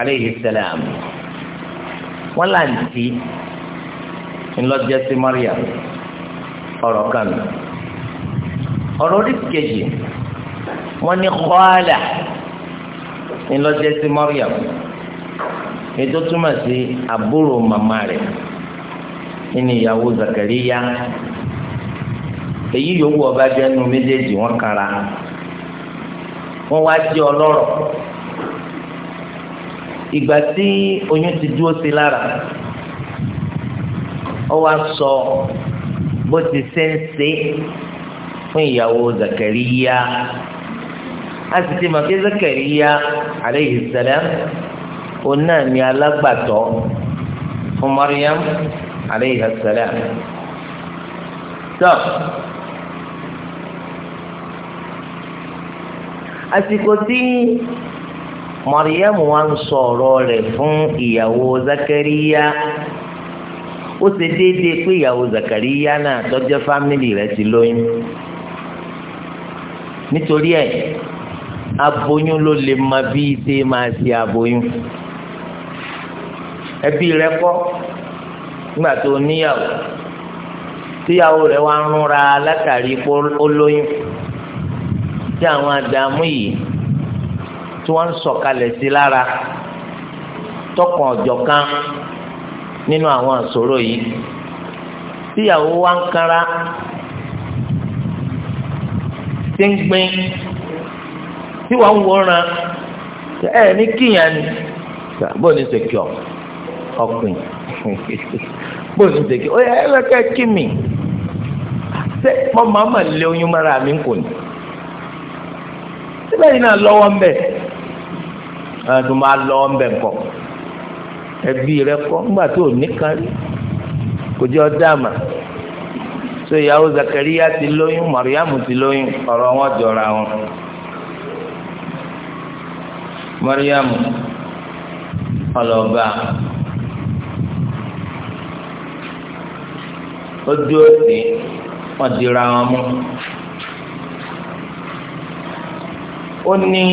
aleyhi salam wọ́n láǹtí ńlọ́jẹ́ sí Mariam ọ̀rọ̀ kan ọ̀rọ̀ orí kejì wọ́n ní kọ́ọ̀là ńlọjẹ sí Maryam ètò túmọ̀ sí àbúrò màmá rẹ̀ nínú ìyàwó Zakariya èyí yòówù ọba jẹnu méjèèjì wọn kara wọn wá jẹ ọlọ́rọ̀ ìgbà tí oyún ti dúró sí lára ó wá sọ bó ti ṣe ń ṣe fún ìyàwó Zakariya a sì ti mọ̀ pé Zakariya aleyhi salam òun náà ní alágbàtọ́ fún Maryam aleyhi salam tó àsìkò tí Maryam wa ń sọ̀rọ̀ rẹ̀ fún ìyàwó Zakariya ó ṣe déédéé pé ìyàwó Zakariya náà tọ́jọ́ fámìlì rẹ̀ ti lóyún nítorí ẹ̀ aboyún ló lè ma bí ṣe máa ṣe aboyún ẹbí rẹ kọ́ nígbà tó níyàwó tíyàwó rẹ wá ń rúnra látàrí pé ó lóyún tí àwọn àdààmú yìí tí wọ́n ń sọ̀kalẹ̀ sí lára tọkàn ọ̀jọ̀kan nínú àwọn àṣòro yìí tíyàwó wá ń kanra tí ń gbin tí wàá ń wòran ẹ ní kíyàn ni bó ní sèkìọ ọkùnrin bó ní sèkìọ ó yẹ ẹ kẹ kí mi ṣé mo máa ma lé oyún mara mi kò ní síbẹ̀ yìí náà lọ́wọ́ ń bẹ̀ ẹ̀dùn máa lọ́wọ́ ń bẹ̀ kọ́ ẹbí rẹ kọ́ nígbà tó ní kan rí kò jẹ́ ọdá àmà so ìyàwó Zakariya ti lóyún Mariamu ti lóyún ọ̀rọ̀ wọn jọra wọn mọ́ríyàmù ọlọ́ba ó dúró sí wọ́n dira wọn mú ó ní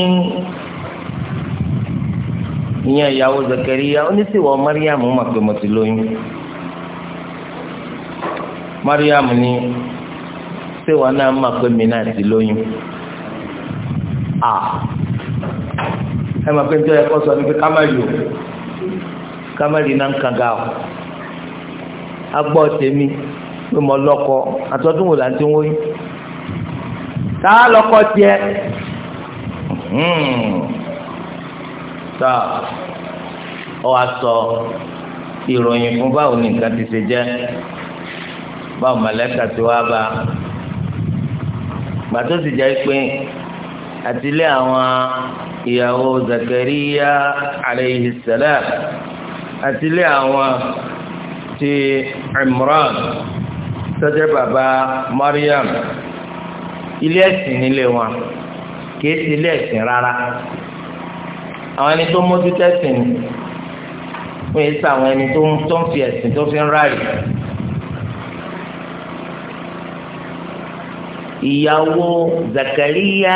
ìyẹn ìyàwó Zakariya ó ní sì wọ mọ́ríyàmù mà pé mo ti lóyún mọ́ríyàmù ní sì wọ́n náà mà pé mi náà ti lóyún ẹ máa pé nítorí ẹ̀kọ́ sọ ni pé kámẹ́rì o kámẹ́rì náà ń kanga o agbọ́ tèmi pé mo lọ́kọ àtọ́dún wò láti ń wóyún tá a lọ́kọ tiẹ̀ hmm. tá ọ wá sọ ìròyìn fún báwo ni nǹkan ti ṣe jẹ́ báwo mọ̀lẹ́kà ti wá bá gbàtó ti jẹ́ pé àti ilé àwọn ìyàwó Zakariya alayhi salam àti ilé àwọn ti Imran tọ́jẹ́ bàbá Mariam ilé ẹ̀sìn nílé wọn kìí ti ilé ẹ̀sìn rárá àwọn ẹni tó mójútó ẹ̀sìn ni wọ́n yìí sàwọn ẹni tó ń fi ẹ̀sìn tó fi ń ráàyè. ìyàwó Zakariya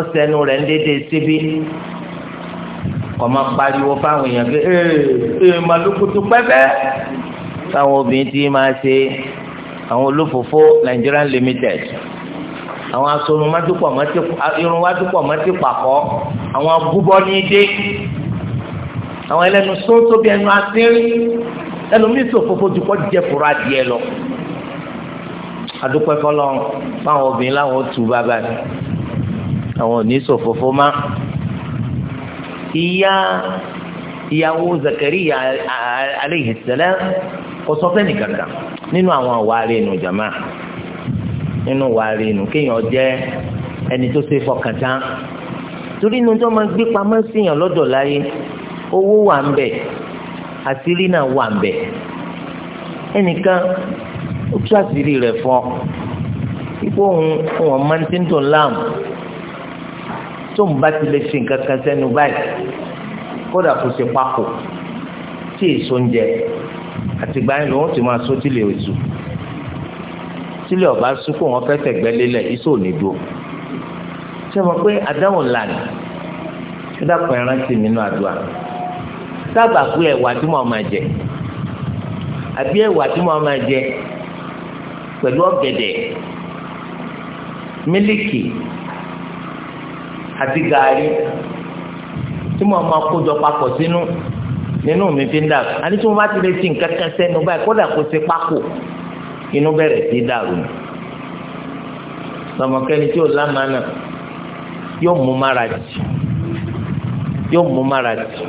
ọsẹnu rẹ̀ ń dédé síbi kọmọ pariwo fáwọn èèyàn pé ee ee màlúkutù pẹpẹ táwọn obìnrin ti máa ṣe àwọn olófòfó Nigerian limited àwọn asorun mádùpọ̀ mọ́tì irun wádùpọ̀ mọ́tì pàkọ́ àwọn agúbọ́ ní dé àwọn ẹlẹ́nu sóńtóbi ẹnu asínrín ẹlòmíín sòfófó dùpọ̀ jẹ́ fúra díẹ̀ lọ adúpẹ́ fọlọ́ fáwọn obìnrin láwọn tù bàbá ni àwọn ò ní ṣòfófó má. ìyá ìyàwó Zakariya aleyhi salam kò sọ fẹ́ nìkan kan nínú àwọn àwárí inú jama nínú àwárí inú kéèyàn jẹ́ ẹni tó ṣe fọkàn tán torí inú tó máa gbé pamọ́ síyàn lọ́dọ̀ láyé owó wà ń bẹ àṣírí náà wà ń bẹ ẹnìkan ó tú àṣírí rẹ̀ fún ọ ipò òun wọn máa ń tí ń dùn láàmú tó ń bá ti lè fi nǹkan kan sẹ́nu báyìí kódà kò ṣe papò tí èso ń jẹ àtìgbà yẹn lòun ti máa sọ tílé òtù tílé ọba sún kó wọn fẹsẹ̀ gbẹ́lélẹ̀ iṣẹ́ òní dúró ṣé mo pé àdáhùn lànà ẹ dàpọ̀ ẹran tì mí nínú àdúrà sábà pé ẹ̀wà tí mo máa jẹ àbí ẹ̀wà tí mo máa jẹ pẹ̀lú ọ̀gẹ̀dẹ̀ mílíkì àti gàárì tí mo máa kó jọ papọ̀ sínú nínú mi fi ń dàrú àti tí mo bá ti lè ti nǹkan kan sẹ́nu báyìí kódà kó ṣe pákó inú bẹ̀rẹ̀ sí dàrú ni lọmọkẹ́ni tí ò lámàánà yóò mú mára jì yóò mú mára jì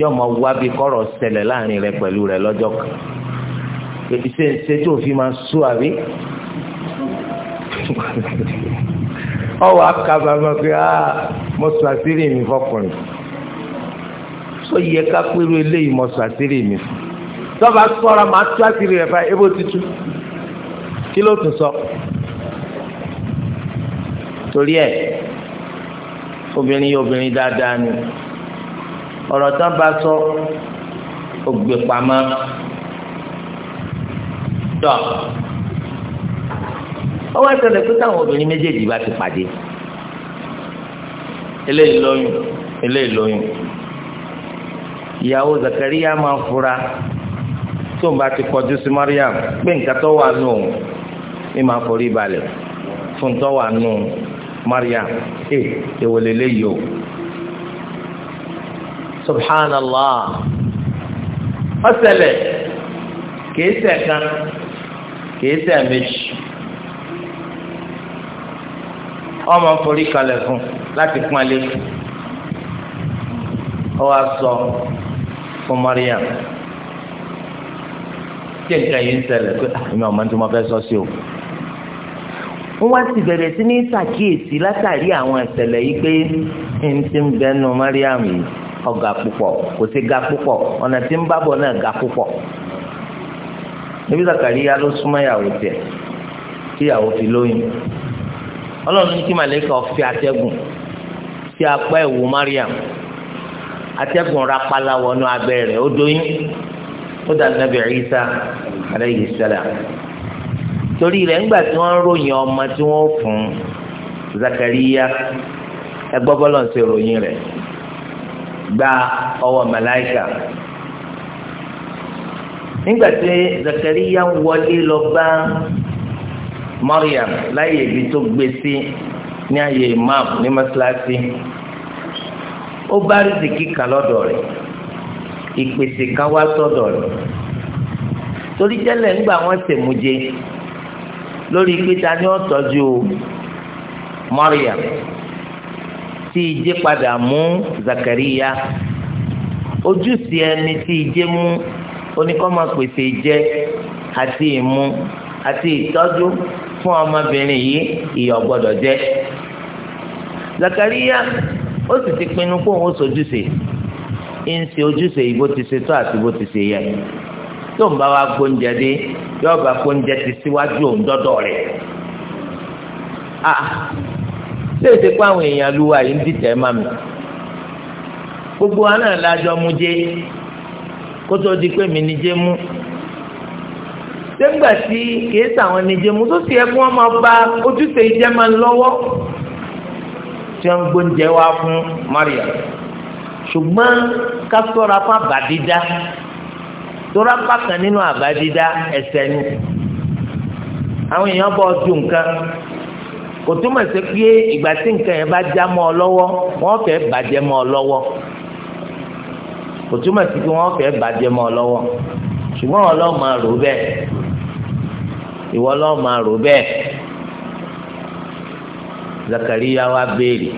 yóò mọ wá bí kọ́rọ̀ ṣẹlẹ̀ láàrin rẹ pẹ̀lú rẹ lọ́jọ́ kan pèbí ṣe tó fi máa sú àbí ọwọ́ akábàámọ̀ pé a ah, mọ̀ sọ àṣírí mi fọkùnrin sọ yẹ ká pérò eléyìí mọ̀ sọ àṣírí mi fún tọ́ba sọ́ra máa tú àṣírí rẹ̀ fáyé ebó títú kí ló tún sọ torí ẹ̀ obìnrin yìí obìnrin dáadáa ni ọ̀rọ̀ tán sọ ó tọ́ ó wá ṣẹlẹ̀ pé táwọn obìnrin méjèèjì bá ti pàdé eléyìí lóyún eléyìí lóyún ìyàwó Zakariya máa fura tó ń bá ti kọjú sí Mariam pé nǹkan tó wà nù ní máa forí balẹ̀ fún tó wà nù Mariam ẹ eh, èwo lélẹ́yìí o subhanallah ó ṣẹlẹ̀ kìí ṣẹ̀kan kìí ṣe méjì ọmọ forí kalẹ̀ fún láti pọn alẹ́ ọ wá sọ fún Mariam tí nǹkan yìí ń ṣẹlẹ̀ pé àmì ah, ọmọ tí mo fẹ́ sọ sí o wọ́n wá sì bẹ̀rẹ̀ sí ní ṣàkíyèsí látàrí àwọn ìṣẹ̀lẹ̀ yìí pé ń ti ń bẹnu Mariam yìí ọ̀gá púpọ̀ kò sí ga púpọ̀ ọ̀nà tí ń bábọ̀ náà ga púpọ̀ níbi Zakariya ló súnmọ́ ìyàwó tiẹ̀ tí ìyàwó fi lóyún ọlọ́run ní kí màlẹ́kà ọ̀fẹ́ atẹ́gùn sí apá ẹ̀wù Mariam atẹ́gùn rapala wọnú abẹ́ rẹ̀ ó dóyún ó dà nàbì Isa alayhi salam torí rẹ̀ ńgbà tí wọ́n ń ròyìn ọmọ tí wọ́n fún Zakariya ẹgbọ́ bọ́lọ̀ ń ṣe ròyìn rẹ̀ gba ọwọ́ màláìkà nígbà tí Zakariya wọlé lọ bá Mariam láyé ibi tó gbé sí ní ààyè imam ní mọ́sálásí ó bá rìsìkì kan lọ́dọ̀ rẹ̀ ìpèsè kan wá sọ́dọ̀ rẹ̀ torí tẹ́lẹ̀ nígbà wọ́n tẹ̀mújẹ lórí pété ni wọ́n tọ́jú Mariam tí ìjẹ́ padà mú Zakariya ojúṣe ẹni tí ìjẹ́ mú oníkọ́ máa pèsè jẹ àti ìmu àti ìtọ́jú fún ọmọbìnrin yìí ìyọ̀ gbọ́dọ̀ jẹ́ Zakariya ó sì ti pinnu kó òun sojúṣe ń ṣe ojúṣe yìí bó ti ṣe tó àti bó ti ṣe yẹ tó ń bá wa gbóúnjẹ dé yóò bá gbóúnjẹ ti síwájú òun dọ́dọ̀ rẹ̀ ah ṣé èsì pé àwọn èèyàn lu wa yìí ń dìtẹ̀ mami gbogbo wa náà lájọ mú jẹ́ kótó di pé mi ní jẹ́ mú sẹ́gbà tí kìí sàwọn ẹnìjẹ́ mu tó sì yẹ kí wọ́n máa bá ojúṣe ìjẹ́ máa lọ́wọ́ tí wọ́n ń gbóúnjẹ wá fún Maria ṣùgbọ́n ká sọ́ra fún àbádídá tóra pàkan nínú àbádídá ẹ̀ṣẹ̀ ni àwọn èèyàn bọ̀ ju nǹkan kò túmọ̀ sí pé ìgbà tí nǹkan yẹn bá já mọ́ ọ lọ́wọ́ wọ́n fẹ́ bàjẹ́ mọ́ ọ lọ́wọ́ kò túmọ̀ sí kí wọ́n fẹ́ bàjẹ́ mọ́ ọ lọ́wọ́ ṣùgbọ́n wọn lọ́ọ́ máa rò bẹ́ẹ̀ ìwọ lọ́ọ́ máa rò bẹ́ẹ̀ Zakariya wa béèrè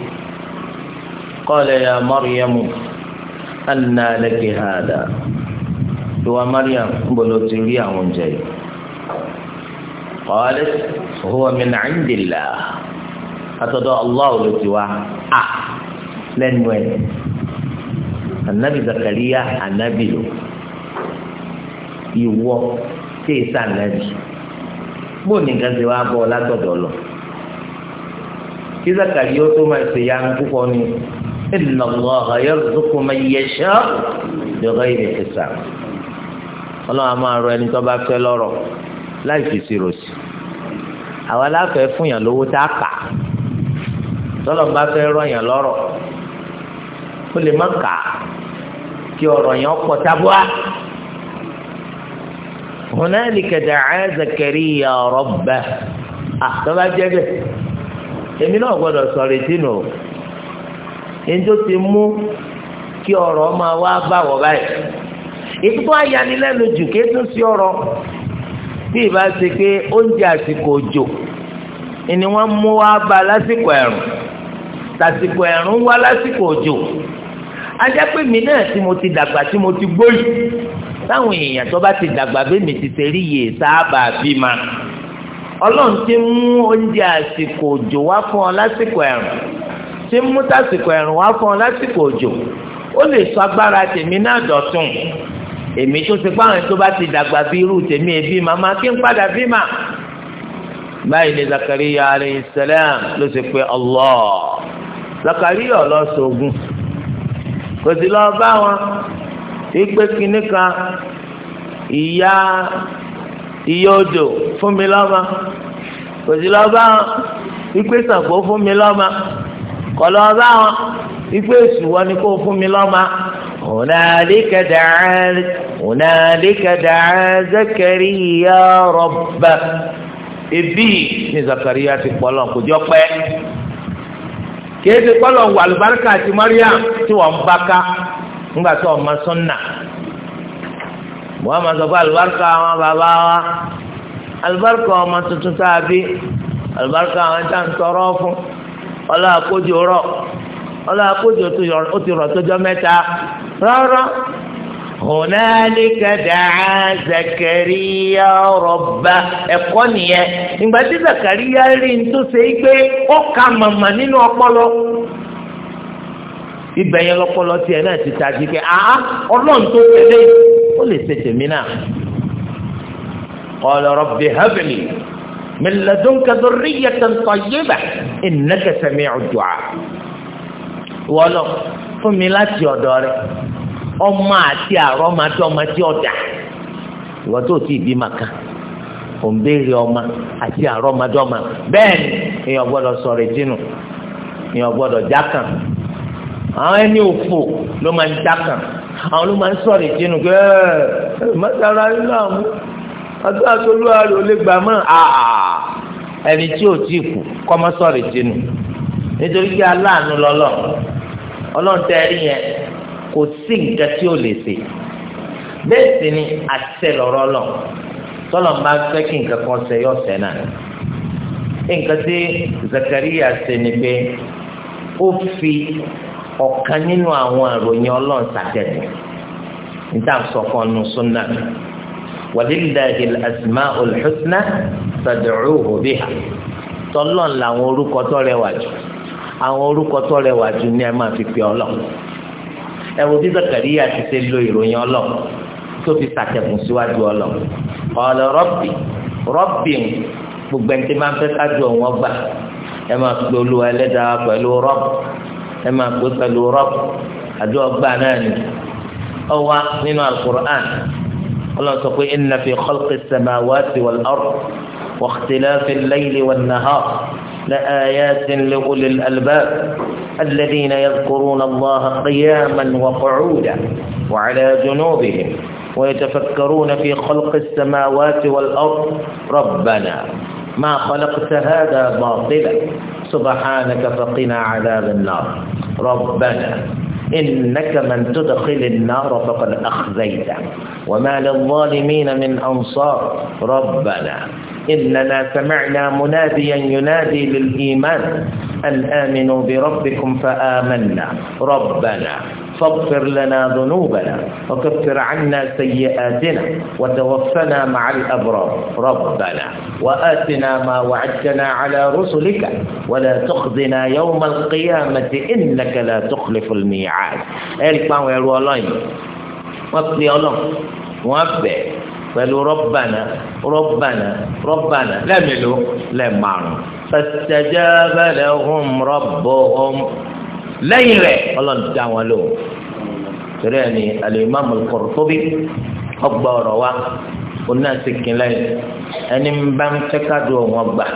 qala ya Maryamu anna laki hada ìwà Maryam ń bolo ti rí àwọn oúnjẹ yìí qalat huwa min indillah àtọ̀dọ̀ Allah ló ti wá à lẹ́nu ẹ̀ anabi zakariya anabi lò ìwọ tí èsà anabi bó ní nǹkan ṣe wá bọ látọ̀dọ̀ lọ kí zakariya ó tó máa ṣe ya púpọ̀ ni inna Allaha yarzuqu man yasha'u bighayri hisab Ọlọ́run a máa rọ ẹni tó bá fẹ́ lọ́rọ̀ láì fi ṣírò sí àwa láfẹ́ fún yàn lówó tá a kà tọ́lọ̀ bá fẹ́ rọ̀yàn lọ́rọ̀ ó lè má kà á kí ọ̀rọ̀ yẹn ọ̀pọ̀ tabua. hunalika da'a Zakariya rabba àtọ́lá jẹ́ bẹ́ẹ̀ èmi náà gbọ́dọ̀ sọ̀rọ̀ ìdínà o ẹjọ́ ti mú kí ọ̀rọ̀ máa wá báwọ̀ báyìí ìtúkọ́ ayanilẹ́nu jù kí ètò sí ọ̀rọ̀ bí ìbá ṣe pé oúnjẹ àsìkò òjò ni wọ́n mú wá bá lásìkò ẹ̀rùn tàsìkò ẹ̀rùn wá lásìkò òjò ajá pé mi náà tí mo ti dàgbà tí mo ti gbóyè táwọn èèyàn tó bá ti dàgbà bẹ́ẹ̀ mi ti tẹ̀rí yè sábà bí ma ọlọ́run ti mú oúnjẹ àsìkò òjò wá fún ọ lásìkò ẹ̀rùn ti mú tásìkò ẹ̀rùn wá fún ọ lásìkò òjò ó lè sọ agbára tèmi náà dọ̀tun èmi tó ti pààrọ̀ tó bá ti dàgbà bí irú tèmi ẹbí màmá kí n padà bí mà báyìí ni Zakariya alayhi salam ló ti pe Allah Zakariya ọlọ́sọ̀ọ́gùn kò sí lọ bá wọn ìgbé kínní kan ìyá ìyá odò fún mi lọ́mọ kò sí lọ bá wọn ìgbé sàgbó fún mi lọ́mọ kò lọ bá wọn ìgbé èṣù wọn ni kò fún mi lọ́mọ. هنالك دعا هنالك دعا زكريا ربه ibi ni Zakariya ti pọ̀ kìí ṣe kọ́lọ̀ wọ àlùbáríkà àti Mariam tí wọ́n ń bá ká ńgbà tó ọmọ sọ́nà wọ́n máa sọ pé àlùbáríkà àwọn bàbá wa àlùbáríkà ọmọ tuntun tá a bí àlùbáríkà àwọn tá à ń tọrọ fún ọlọ́ àkójọ rọ ọlọ́ ó ti rọ̀ tọjọ́ mẹ́ta rárá هنالك دعا زكريا ربه ẹ̀kọ́ nìyẹn ìgbà tí zakaria rí n tó ṣe é pé ó ka màmá nínú ọpọlọ ibẹ̀ yẹn lọ́pọlọ tiẹ̀ náà ti ta jí pé àá ọlọ́run tó kéde ó lè ṣe tèmi náà قال رب هب لي من لدنك ذرية طيبة إنك سميع الدعاء fún mi láti ọ̀dọ̀ rẹ̀. ọmọ àti àrọ́mọ àti ọmọ tí ọjà ìwọ tó ti bí màkà òǹbéèrè ọmọ àti àrọ́mọdọ́mọ bẹ́ẹ̀ ni èèyàn gbọ́dọ̀ sọ̀rọ̀ ìdínú èèyàn gbọ́dọ̀ jákàn àwọn ẹni òfò ló máa ń jákàn àwọn ló máa ń sọ̀rọ̀ ẹ nínú àti lè gbà mọ́ àà ẹni tí ò tí kù kọ́ mọ́ sọ̀rọ̀ nítorí kò sí nǹkan tí ò lè ṣe bẹ́ẹ̀ sì ni àṣẹ lọ́rọ́ lọ tọ́lọ̀ máa fẹ́ kí nǹkan kan ṣe yọ ọ̀sẹ̀ náà nǹkan tí Zakariya ṣe ni pé ó fi ọ̀kan nínú àwọn àròyìn ọlọ́run ṣàtẹ̀lẹ̀ níta sọ̀kan nù súnà wàlíláàdì àsìmá olùhùsínà fad'uhu biha tọ́lọ́n làwọn orúkọ tó rẹwà jù àwọn orúkọ tó rẹwà jù ni ẹ máa fi pè ọlọ́run ẹ wo bí Zakariya ti ṣe lo ìròyìn ọlọ tó fi sàtẹkùn síwájú ọlọ ọlọ rọbì rọbì gbogbo ẹni tí máa ń fẹ́ kájú ọ̀wọ́n gbà ẹ máa pe olúwa ẹlẹ́dàá pẹ̀lú rọ́b ẹ máa pe pẹ̀lú rọ́b àdó ọgbà náà ni ọ wá nínú alukur'an ọlọ́run sọ pé inna fi khalqis samawati wal ard wa ikhtilafil layli wan nahar. لآيات لأولي الألباب الذين يذكرون الله قياما وقعودا وعلى جنوبهم ويتفكرون في خلق السماوات والأرض ربنا ما خلقت هذا باطلا سبحانك فقنا عذاب النار ربنا إنك من تدخل النار فقد أخزيته وما للظالمين من أنصار ربنا إننا سمعنا مناديا ينادي للإيمان أن آمنوا بربكم فآمنا ربنا فاغفر لنا ذنوبنا وكفر عنا سيئاتنا وتوفنا مع الأبرار ربنا وآتنا ما وعدتنا على رسلك ولا تخزنا يوم القيامة إنك لا تخلف الميعاد إلقاء والله وقت الله وقت pẹ̀lú rọ́bànà rọ́bànà rọ́bànà lẹ́mìlú lẹ́màrún fastajaba lahum rabbuhum lẹ́yìn rẹ̀ ọlọ́run dá wọn lò torí ẹni al-Imam al-Qurtubi ọgbà ọ̀rọ̀ wa oní àtìkìlẹ̀ ẹni ń bá ń tẹ́kadù ọ̀wọ́n gbà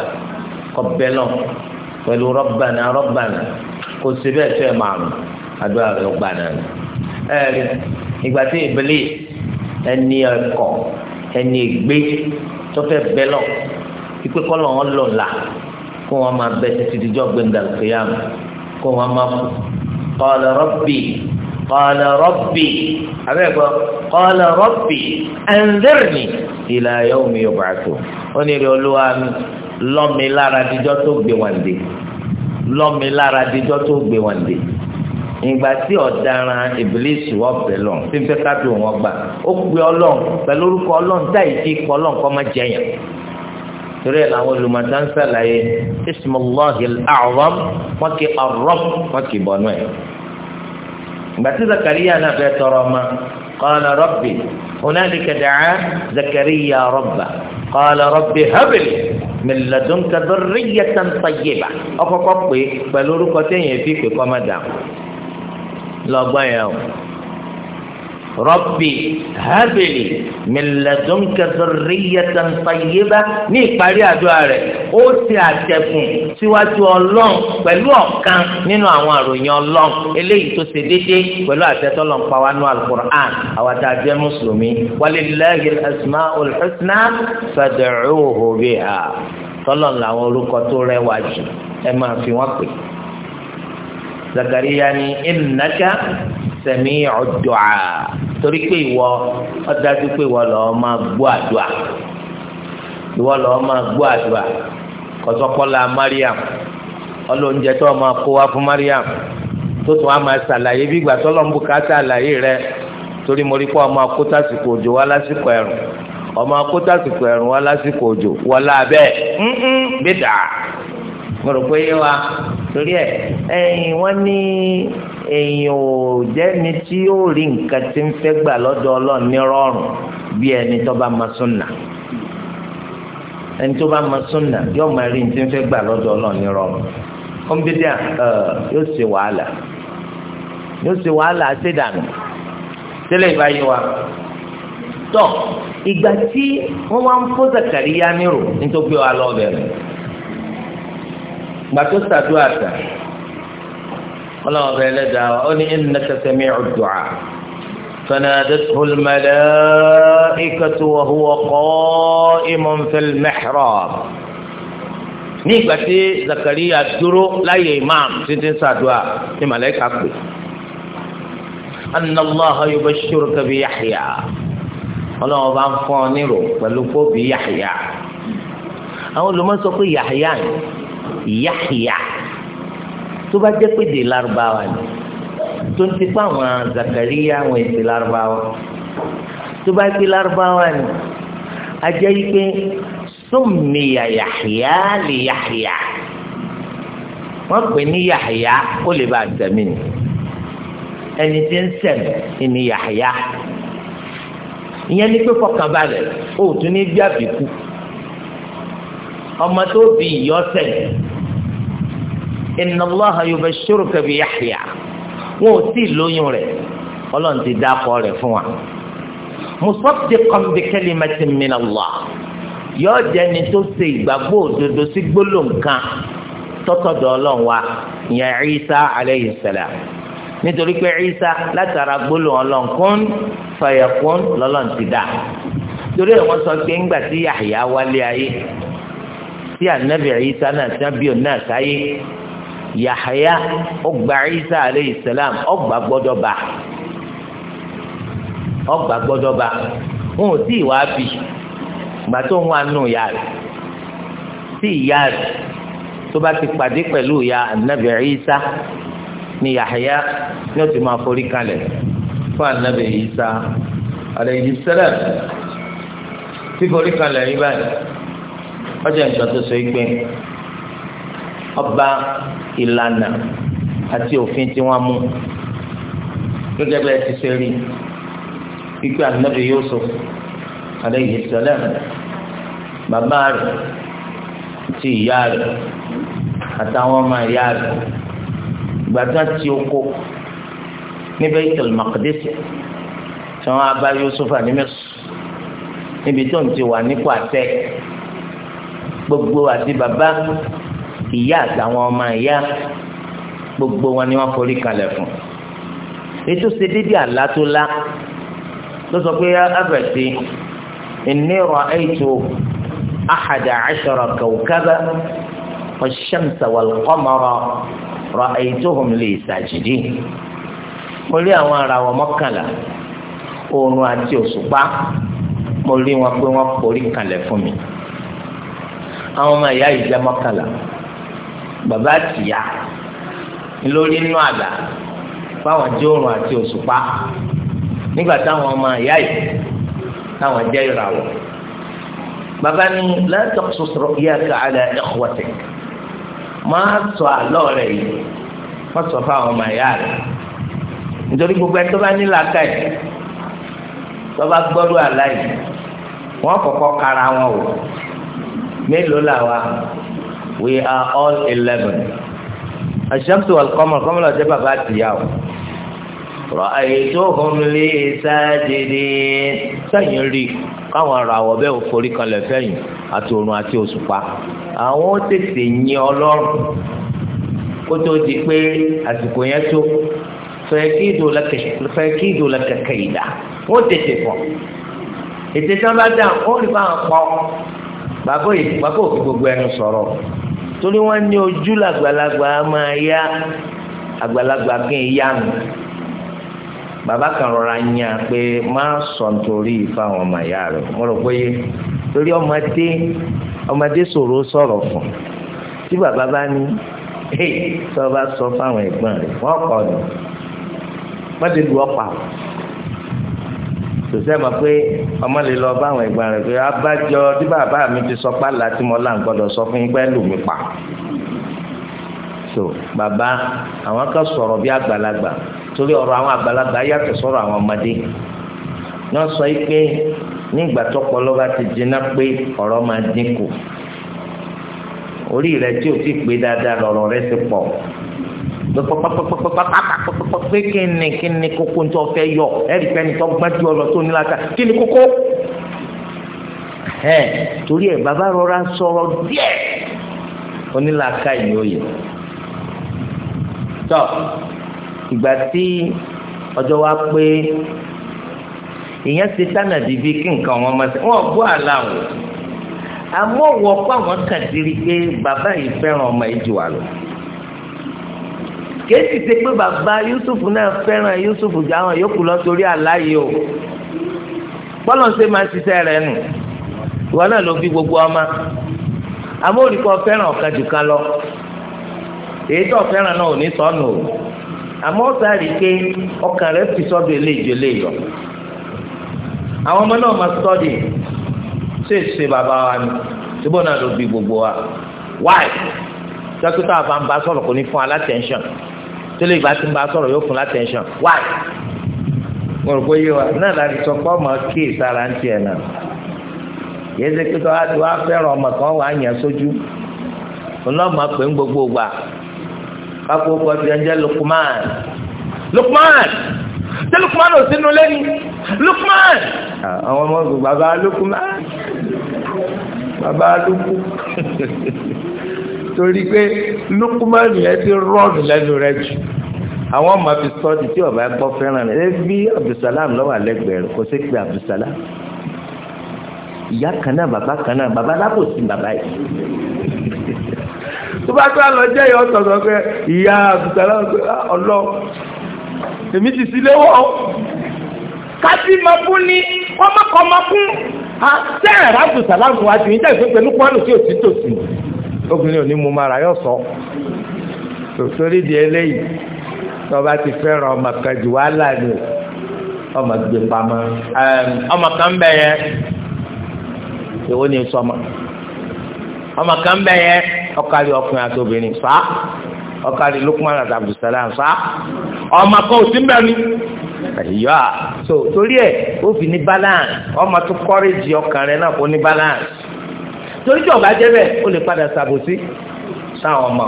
ọbẹ̀ náà pẹ̀lú rọ́bànà rọ́bànà kò sí bẹ́ẹ̀ tẹ́ màrún àdúrà rẹ̀ gbà náà ẹ̀rí ìgbà tí Iblis ẹni ẹ̀kọ́ ẹni ègbé tọ́fẹ́ bẹ́lọ̀ ìpè kọ́lọ̀ wọn lọ là kó wọn máa bẹ títí dijọ́ gbẹ̀ngà kéyàmù kó wọn máa kú qala rabbi qala rabbi abẹ́ẹ̀kọ́ qala rabbi anzirni ila yawmi yub'athun ó ní ìrẹ̀ olúwa mi lára dijọ́ tó gbé wọn dé lára dijọ́ tó gbé wọn ìgbà tí ọ̀daràn ìbílísì wọ́n bẹ̀ lọ tí n fẹ́ ká bí wọn gbà ó pe ọlọ́run pẹ̀lú orúkọ ọlọ́run táyì tí kọ ọlọ́run kọ́ máa jẹyàn torí ẹ̀ làwọn olùmọ̀tá ń sàlàyé ismullahi al-a'zam wọn kì ar-rabb wọn kì bọ̀nú ẹ̀. ìgbà tí zakariya náà fẹ́ tọrọ ọmọ qala rabbi hunalika da'a zakariya rabba qala rabbi habli min ladunka dhurriyatan tayyibah pé pẹ̀lú orúkọ lọ́gbọ́n yẹn o rọ́bì hábìlì mìlẹ̀dúnkẹ́ zurriyatan tayyiba ní ìparí àdúrà rẹ̀ ó ti àtẹ̀kùn síwájú ọlọ́run pẹ̀lú ọ̀kan nínú àwọn àròyìn ọlọ́run eléyìí tó ṣe déédéé pẹ̀lú àtẹ̀tọ́lọ́n pàwọn nínú alukur'an àwọn tá a jẹ́ mùsùlùmí walillahil asmaul husna fad'uhu biha tọ́lọ́n làwọn orúkọ tó rẹwà jù ẹ máa fi wọ́n pè é. Zakariya ni innaka sami'u du'a torí pé ìwọ ọdájú pé ìwọ lọ́ọ́ máa gbọ́ àdúrà ìwọ lọ́ọ́ máa gbọ́ àdúrà kọ́sọ́kọ́lá Mariam ọlọ́njẹ tó máa kó wá fún Mariam tó tún á máa ṣàlàyé bí ìgbà tó lọ́nbù ká ṣàlàyé rẹ torí mo rí pé ọmọ akótásìkò òjò wá lásìkò ẹ̀rùn ọmọ akótásìkò ẹ̀rùn wá lásìkò òjò wọlé abẹ́ bídà mo rò pé yé wa torí ẹ ẹ̀yìn wọn ní èèyàn ò jẹ́ni tí yóò rí nǹkan tí ń fẹ́ gbà lọ́dọ̀ ọlọ́run ní rọrùn bí ẹni tó bá ma súnà ẹni tó bá ma súnà yóò máa rí nǹkan tí ń fẹ́ gbà lọ́dọ̀ ọlọ́run ní rọrùn kọ́mpútà yóò ṣe wàhálà yóò ṣe wàhálà àṣẹdànù tẹ́lẹ̀ ìbáyé wa tọ́ ìgbà tí wọ́n wá ń fọ́ Zakariya nírò nítorí pé wà lọ́ọ́ bẹ̀rẹ̀ gbàtó sàdúrà àtà ọlọ́wọ́ bẹ́ẹ̀ lẹ́dàá ó ní innaka sami'u du'a فنادته الملائكة وهو قائم في المحراب nígbà tí Zakariya dúró láyé imam títí sàdúà ní malayika pè anna Allaha yubashshiruka bi Yahya ọlọ́run bá ń fọ́ nírò pẹ̀lú kó bi Yahya àwọn olùmọ̀ sọ pé Yahya yìí yáhìá tó bá jẹ́ pé dè lárúbáwá ni tó ń tipa àwọn zakariya àwọn èsì lárúbáwá tó bá gbé lárúbáwá ni a jẹ́ pé sọ́mìyà yáhìá lè yáhìá wọ́n pè ní yáhìá ó lè bá àtẹ̀mí ni ẹni tí ń sẹ̀mí ni yáhìá ìyẹn ní pé fọkànbalẹ̀ ó tún ní bí àbíkú ọmọ tó bí ìyọ́ sẹ̀mí inna Allaha yubashshiruka bi Yahya wọn ò tí ì lóyún rẹ̀ ọlọ́run ti dákọ̀ rẹ̀ fún wa musaddiqan bi kalimatin min Allah yóò jẹ́ ni tó ṣe ìgbàgbọ́ òdodo sí gbólóǹkan tọ́tọ̀dọ̀ ọlọ́run wa ìyẹn Isa alayhi salam nítorí pé Isa látara gbólóhùn ọlọ́run kun fayakun lọ́lọ́run ti dá torí ẹ̀ wọ́n sọ pé ńgbà tí Yahya wálé ayé tí ànábì Isa náà sábíò náà sáyé Yahya ọgbà Isa aleyhi salam ọgbà gbọ́dọ̀ bá ọgbà gbọ́dọ̀ bá wọn ò tí ì wá bì gbà tó ń wá nù ya rẹ tí ìyá rẹ tó bá ti pàdé pẹ̀lú ìyá anabi Isa ni Yahya ni ó ti máa forí kalẹ̀ fún anabi Isa aleyhi salam fíforí kalẹ̀ yìí báyìí ọjà ìjọ tó so é gbé ọba ìlànà àti òfin tí wọ́n mú gẹ́gẹ́ bẹ́ẹ̀ ti ṣe rí ikú anabi Yusuf alayhi salam bàbá rẹ̀ ti ìyá rẹ̀ àtàwọn ọmọ ìyá rẹ̀ gbàtà tí ó kó níbẹ̀ Baitul Maqdis tí wọ́n bá Yusuf ànímẹ́sù níbi tó ń ti wà nípò àtẹ gbogbo àti bàbá ìyá àtàwọn ọmọ ìyá gbogbo wọn ni wọ́n forí kalẹ̀ fún ètò ṣe dédé àlá tó lá ló sọ pé abẹ́tí inni ra'aytu ahada ashara kawkaba wash-shamsa wal-qamara ra'aytuhum li sajidin mo rí àwọn arawọ̀ mọ́kànlá oòrùn àti òṣùpá mo rí wọn pé wọ́n forí kalẹ̀ fún mi àwọn ọmọ ìyá ìjẹ́ mọ́kànlá bàbá àtìyá lórí inú àlà fáwọn jóòrùn àti òṣùpá nígbà táwọn ọmọ ìyá yìí táwọn jẹ́ ìràwọ̀ bàbá ní lẹ́tọ̀ sọ̀rọ̀ yẹ ká àlẹ́ ẹ̀kọ́tẹ̀ máa sọ àlọ́ rẹ̀ yìí wọ́n sọ fáwọn ọmọ ìyá rẹ̀ nítorí gbogbo ẹ̀ tó bá nílò aka yìí tó bá gbọ́dọ̀ àlá yìí wọ́n kọ́kọ́ kara wọn o mélòó làwa we are all eleven ashamsu walqamar kọ́mọ́ lọ́jọ́ bàbá àtìyàwó ra'aytuhum li sajidin sẹ́yìn rí káwọn ará wọ̀ bẹ́ẹ̀ ò forí kanlẹ̀ fẹ́yìn àti òrùn àti òṣùpá àwọn ó tètè yin ọlọ́run kó tó di pé àsìkò yẹn tó fẹ́ẹ́kìdò lẹ́kẹ̀kẹ̀ ìdá wọ́n tètè pọ̀ ètè tí wọ́n ó rí bá pọ̀ bàbá òfin gbogbo ẹnu sọ̀rọ̀ torí wọ́n ní ojú làgbàlagbà máa yá àgbàlagbà kan yá nù bàbá kan rọra yàn pé má sọ nítorí fáwọn ọmọ ìyá rẹ mo rò pé torí ọmọdé ọmọdé ṣòro sọ̀rọ̀ fún tí bàbá bá ní tí bá sọ fáwọn ẹ̀gbọ́n rẹ wọ́n kọ ọ nù ti lu ọ̀pá sòsẹ́ mọ̀ pé ọmọ lè lọ bá àwọn ẹ̀gbọ́n rẹ̀ pé abájọ tí bàbá mi ti sọ pálá tí mo là ń gbọ́dọ̀ sọ fún yín pé lù mí pa. so bàbá àwọn kan sọ̀rọ̀ bí àgbàlagbà torí ọ̀rọ̀ àwọn àgbàlagbà yàtọ̀ sọ̀rọ̀ àwọn ọmọdé náà sọ yìí pé nígbà tó pọlọ bá ti jiná pé ọ̀rọ̀ máa dínkù orí rẹ̀ tí ò ti pé dáadáa lọ̀rọ̀ rẹ̀ ti pọ̀ pé kíni kíni kókó tó fẹ́ yọ ẹ̀rí pẹ́ni tó gbájú ọ̀rọ̀ tó ní láta kíni kókó. torí ẹ̀ bàbá rọra sọ̀rọ̀ díẹ̀ onílàáká ìní òye. tọ́ ìgbà tí ọjọ́ wa pé ìyẹn ti tánàdì bíi kí nǹkan wọn máa ṣe wọn bú àlà o àmọ́ wọ́pọ̀ àwọn kàdírí pé bàbá yìí fẹ́ràn ọmọ ìjù wa kéésì ṣe pé bàbá Yusuf náà fẹ́ràn Yusuf ju àwọn yòókù lọ torí àláyé o bọ́lọ̀ ṣe máa ṣiṣẹ́ rẹ̀ nù ìwọ náà ló fi gbogbo ọmọ àmọ́ òrìkọ́ fẹ́ràn ọ̀kan jù kan lọ èyí tó fẹ́ràn náà ò ní sọnù o àmọ́ ó sáré pé ọkàn rẹ̀ ti sọ́dọ̀ eléjò léyọ̀ àwọn ọmọ náà máa sọ́dì ṣe ṣe bàbá wa ni ṣùgbọ́n náà ló bí gbogbo wa wáì dókítà àbámbá sọ̀rọ̀ kò ní fún alátẹ̀ńṣàn tẹ́lẹ̀ ìgbà tí ń bá sọ̀rọ̀ yóò fún látẹ̀ńṣàn wáyé mo rò pé yé wa náà láti sọ pé ọmọ kí ìsara ń tiẹ̀ náà yéé ṣe pé káwá tí wàá fẹ́ràn ọmọ kan wàá yàn sójú ọlọ́mọ pé ń gbogbo gbà káko kọ ti ẹjẹ Lukman Lukman ṣé Lukman ò sínú lẹ́ni Lukman àwọn ọmọ bàbá Lukman bàbá Lukman. torí pé lukumanu yẹn ti rọ́ọ̀nù lẹ́nu rẹ jù àwọn ọmọ fi sọ di tí ọba gbọ́ fẹ́ràn rẹ bí abdulsalam lọ́wọ́ alẹ́gbẹ̀ẹ́ rẹ kò sí pé abdulsalam ìyá kan náà bàbá kan náà bàbá lábòsí bàbá yìí tó bá tó àlọ́ jẹ́ ìyá ọ̀tọ̀ sọ pé ìyá abdulsalam ah, ọlọ́ èmi ti sílé wọ́ kásì máa bú ni wọ́n má kọ́ máa kún sẹ́ẹ̀rẹ́ abdulsalam wájú yìí tẹ̀sí pẹ̀lú pọ́ọ̀lù tí ò sí tòsí obìnrin ò ní mú mara yóò sọ torí di eléyìí tọba ti fẹ́ràn ọmọ kan jù wàhálà ni ọmọ gbé pamọ́ ọmọ kan bẹ yẹ èwo ni sọmọ ọmọ kan bẹ yẹ ọkàlì ọkùnrin àti obìnrin fa ọkàlì Lukman àti Abdulsalam fa ọmọ kan ò sí mbẹ mi yọ a so torí ẹ o fi ní balance ọmọ tó kọ́rẹ́jì ọkàn rẹ náà kó ní balance torí tí ọba jẹ́ bẹ́ẹ̀ ó lè padà ṣàbòsí sáwọn ọmọ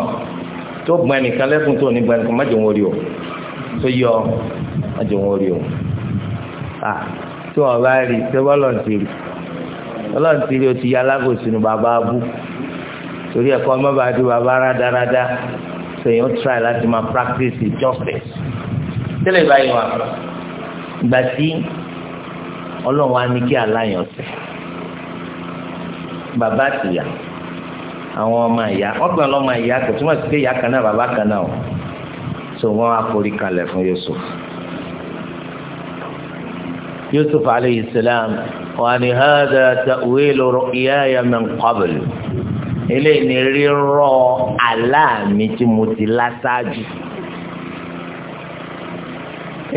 tó gbọ́n ẹnìkan lẹ́kùn tó ní gbọ́n ẹnìkan má jẹun orí o tó yọ má jẹun orí o tí wọ́n bá rí tí wọ́n lọ́n ti o ti ya alábòsí nu bàbá abú torí ẹ̀kọ́ ọmọ bá di bàbá rádaràdá sèyàn try láti máa practice justice tẹ́lẹ̀ báyìí wà gbàtí ọlọ́run wa ní kí aláyàn sẹ́yìn bàbá àti ìyá àwọn ọmọ ìyá ọgbà lọmọ ìyá kò túmọ̀ sí pé ìyá kan náà bàbá kan náà o so wọn á forí kalẹ̀ fún Yusuf Yusuf aleyhi salam wa ni hada ta'wilu ru'yaya min qabl eléyìí ni rírọ aláàmì tí mo ti lásáájú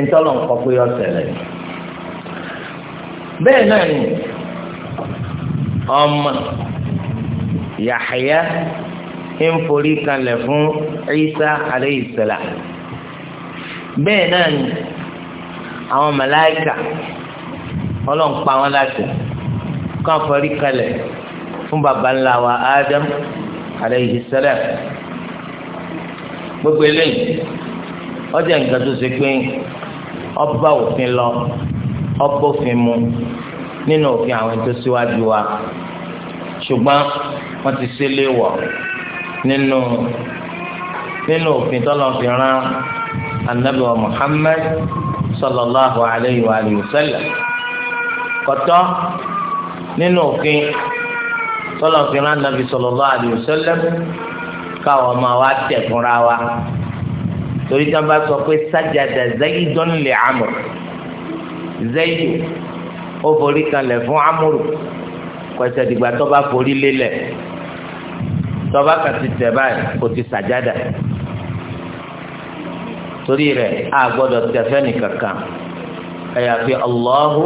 ntọ́lọ̀ nǹkan pé ọ̀sẹ̀ rẹ̀ bẹ́ẹ̀ náà ni ọmọ Yahya ń forí kalẹ̀ fún Isa alayhi salam bẹ́ẹ̀ náà ni àwọn màláíkà ọlọ́run pa wọn láti kàn forí kalẹ̀ fún baba ńlá wa Adam alayhi salam gbogbo eléyìí ọjà nǹkan tó ṣe pé ọba òfin lọ ọba òfin mu nínú òfin àwọn tó síwájú wa ṣùgbọ́n wọ́n ti ṣe léèwọ̀ nínú nínú òfin tọ́lọ́ fi rán anabi wa Muhammad sallallahu alayhi wa alihi wa sallam kọ́tọ́ nínú òfin tọ́lọ́ fi rán anabi sallallahu alayhi wa sallam káwọn ọmọ wa tẹ̀ wa torí tí wọ́n bá sọ pé sájàdà zayidun lè amọ̀ zayidu ó forí kanlẹ̀ fún amúrù kọ̀ọ̀sẹ̀ dìgbà tó bá forí lélẹ̀ tó bá kàti tẹ̀ báyìí kò ti sàjádà torí rẹ̀ a gbọ́dọ̀ tẹ̀fẹ́ nìkankan àyàfi Allahu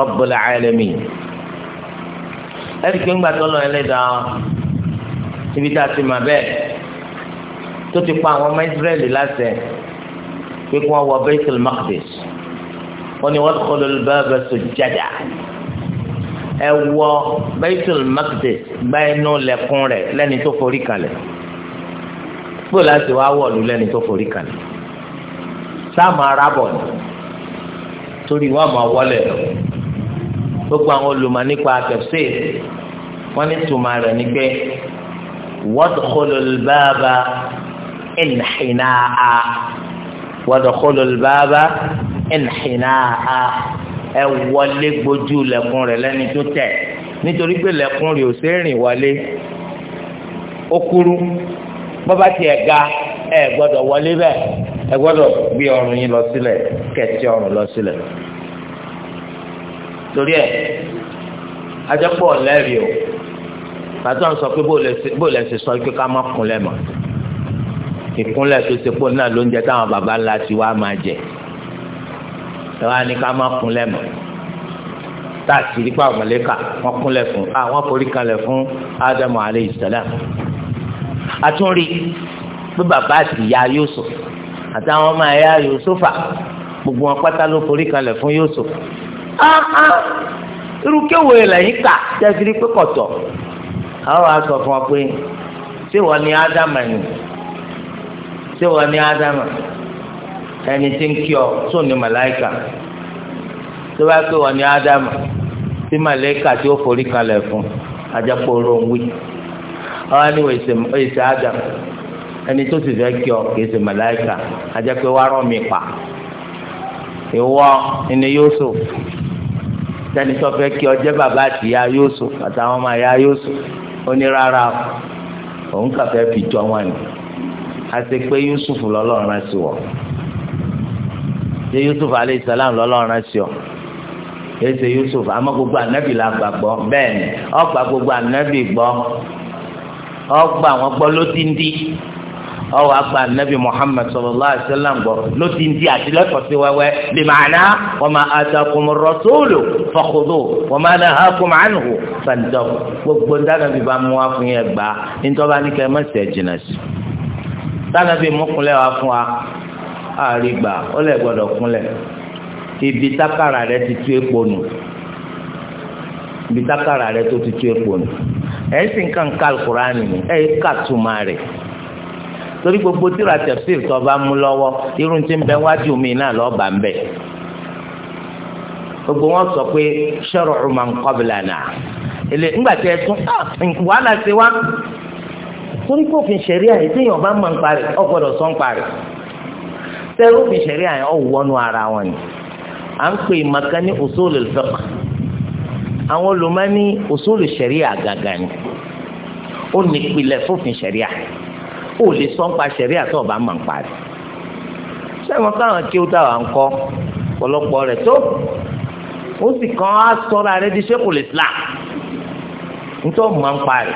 Rabbul Alamin ẹ̀rí pé ńgbà tó lọ ẹlẹ́dàá ibi tá a ti mà bẹ́ẹ̀ tó ti pa àwọn ọmọ Israẹli láṣẹ pé kí wọ́n wọ Baitul Maqdis wọ́n ní wadkhulul baba sujjada ẹ wọ Baitul Maqdis gba inú lẹ̀kùn rẹ̀ lẹ́ni tó forí kalẹ̀ kó láti wá wọ̀lú lẹ́ni tó forí kalẹ̀ sáàmù arábọ̀ ni torí wọ́n máa wọlé lọ gbogbo àwọn olùmọ̀ nípa àtẹ̀sẹ̀ wọ́n ní tùmọ̀ rẹ̀ ní pé wadkhulul baba inhinaa kìnnà ha ẹ wọlé gbójú lẹ̀kùn rẹ̀ lẹ́ni tó tẹ̀ nítorí pé lẹ̀kùn rẹ̀ ò sí rìn wọlé ó kúrú bọ́bá tiẹ̀ ga ẹ gbọ́dọ̀ wọlé bẹ́ẹ̀ ẹ gbọ́dọ̀ gbé ọrùn yín lọ sílẹ̀ kẹ̀tì ọrùn lọ sílẹ̀ torí ẹ ajẹ́pọ̀ lẹ́rìí o pàtó àwọn sọ pé bó lẹ ṣe sọ pé ká má kúnlẹ̀ mọ́ ìkúnlẹ̀ tó ṣe pọ̀ náà ló ń jẹ táwọn baba ńlá ti wá máa jẹ ẹ̀wá ni ká má kúnlẹ̀ mọ́ tá a sì rí pa màlẹ́kà wọ́n kúnlẹ̀ fún àwọn forí kalẹ̀ fún ádámù alayhi salam àtúnrí pé bàbá àti ìyá Yusuf àtàwọn ọmọ ẹ̀yà Yusufa gbogbo wọn pátá ló forí kalẹ̀ fún Yusuf irú kéwò lẹ́yìn kà tẹ́sírí pé kọ̀tọ̀ àwọn aṣọ fún ọ pé ṣé wọ́n ní ádámù ẹ̀yìn ṣé wọ́n ní ádámù ẹ̀yìn ẹni tí ń kí ọ tó ní màláìkà tó bá pé wọn ní ádámù tí màláìkà tí ó forí kalẹ̀ fún ajakporo ń wí ọ̀hún ni wọ́n èsì ádámù ẹni tó sì fẹ́ kí ọ kì í ṣe màláìkà ajakpé wàá rọ̀ mí pa ìwọ ẹni Yusuf tẹni tó fẹ́ kí ọ jẹ́ bàbá àtìyá Yusuf àtàwọn ọmọ àyá Yusuf ó ní rárá òun kàfẹ́ fi jọ wọn ni àti pé Yusuf lọ́lọ́run rẹ̀ sí wọ́n ṣé yusuf alayhi salam lọ́lọ́run ṣe ọ ese yusuf àmọ́ gbogbo anabi la gbà gbọ́ bẹ́ẹ̀ ni ọgbà gbogbo anabi gbọ́ ọgbà wọn gbọ́ ló ti ń di ọwọ agba nabi muhammad sallallahu alaihi wa sallam gbọ́ ló ti ń di àtìlẹ́kọ̀ọ́ sí wẹ́wẹ́ bí màánà wa ma atakum rasulu fakhudhu wa ma nahakum anhu gbogbo ntànàbí bá mú wa fún yẹn gbà ntọ́ba ní kẹ́ ẹ má ṣe jìnnà sí tànàbí mú kúnlẹ̀ wá fún wa àrígbà ó lè gbọ́dọ̀ kúnlẹ̀ ibi tákàrà rẹ ti tú epo nù ibi tákàrà rẹ tó ti tú epo nù ẹ̀ sì ń ni ẹ̀ túmọ̀ rẹ̀ torí gbogbo tíra tó bá mú lọ́wọ́ irun ti ń bẹ wájú mi náà lọ́ọ́ bá ń bẹ̀ gbogbo wọn sọ pé ńgbà tí ẹ tún ah, wàhálà torí kófin sẹ́rù fi ṣẹ̀rí àyàn ọ̀wọ́nu ara wọn ni à ń pè màkà ní usulul fiqh àwọn olùmọ̀ ní usulu ṣẹ̀rí àgàgà ni ó ní ìpìlẹ̀ fófin ṣẹ̀rí à ó lè sọ ń pa ṣẹ̀rí àti ọ̀bá máa ń parí sẹ́wọ̀n káwọn kí ó dáwà ń kọ́ ọ̀pọ̀lọpọ̀ rẹ̀ tó ó sì kàn á sọ́ra rẹ̀ di Sheikhul Islam nítorí máa ń parí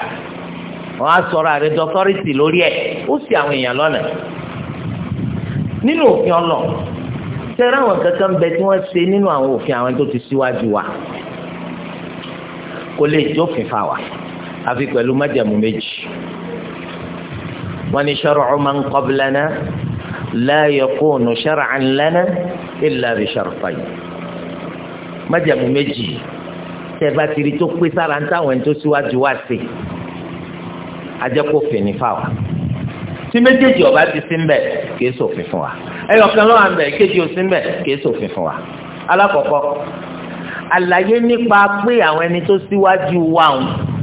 wọ́n á sọ́ra rẹ̀ dọ́kọ́rìtì lórí ẹ̀ ó sì àwọn èèyàn lọ́nà nínú òfin ọlọ tẹ̀rẹ́ àwọn kankan bẹ tí wọ́n ṣe nínú àwọn òfin àwọn tó ti síwájú wa kò lè jófin fa wa àfi pẹ̀lú májàmú méjì wọ́n ní shar'u man qablana la yakunu shar'an lana illa bi shartain májàmú méjì tẹ bá ti tó pé sára ń táwọn tó síwájú wa ṣe ajẹ́kọ̀ọ́fin ní fa wa tí méjèèjì ọba ti sí mbẹ kìí ṣòfin fún wa ẹyọ kan lọ́wọ́ mbẹ kejì ò sí mbẹ kìí ṣòfin fún wa alákọ̀ọ́kọ́ àlàyé nípa pé àwọn ẹni tó síwájú wa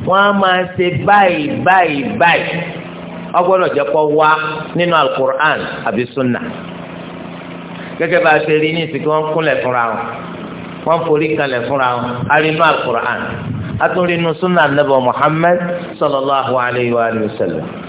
wọn á máa ṣe báyìí báyìí báyìí ọgbọ́dọ̀ jẹ́ kó wá nínú alukur'an àbí sunna gẹ́gẹ́ bá a ṣe rí ní ìsìnkú wọn kúnlẹ̀ fúnra wọn wọn forí kanlẹ̀ fúnra wọn a rí inú alukur'an a tún rí inú sunna anabi muhammad sallallahu alayhi wa sallam.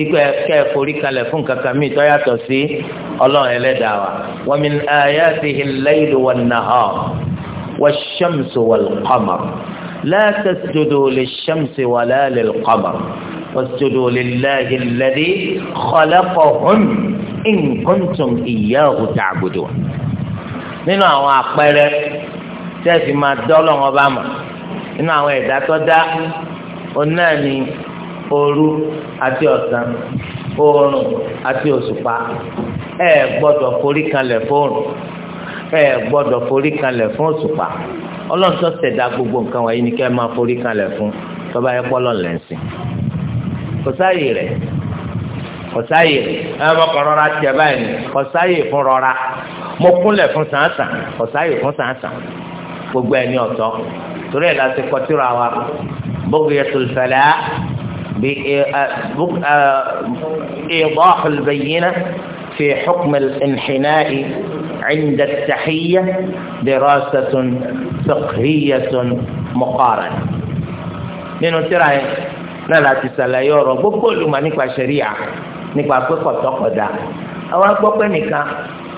ikú ẹ̀kẹ́ forí kalẹ̀ fún kankan mi tó yàtọ̀ sí ọlọ́run ẹlẹ́dàá wa wa min ayatihi al-laylu wan-nahar wash-shamsu wal-qamar la tasjudu lish-shamsi wala lil-qamar wasjudu lillahi alladhi khalaqahun in kuntum iyyahu ta'budun. nínú àwọn àpẹẹrẹ tẹ́ẹ̀fì máa dọ́lọ́ wọn bá mọ̀ nínú àwọn ẹ̀dá tó dá òru àti ọ̀sán oòrùn àti òṣùpá ẹ gbọ́dọ̀ forí kanlẹ̀ fóòrùn ẹ gbọ́dọ̀ forí kanlẹ̀ fún òṣùpá ọlọ́run tó ṣẹ̀dá gbogbo nǹkan wọ̀nyí ni kẹ́ máa forí kanlẹ̀ fún tọ́ba yẹ kọ́ lọ́n lẹ́sìn kò sáàyè rẹ̀ kò sáàyè rẹ̀ ẹ mọ kọ́ rọra tiẹ̀ báyìí kò sáàyè fún rọra mo kúnlẹ̀ fún sàǹsàn kò sáàyè fún sàǹsàn gbogbo ẹni ọ̀tọ̀ torí ẹ̀ láti kọ́ tíra wa bóbi بإيضاح البينة في حكم الانحناء عند التحية دراسة فقهية مقارنة من ترى نلا تسلا يورو بقول ما نقع شريعة نقع فقه تقدا أو أقول نقع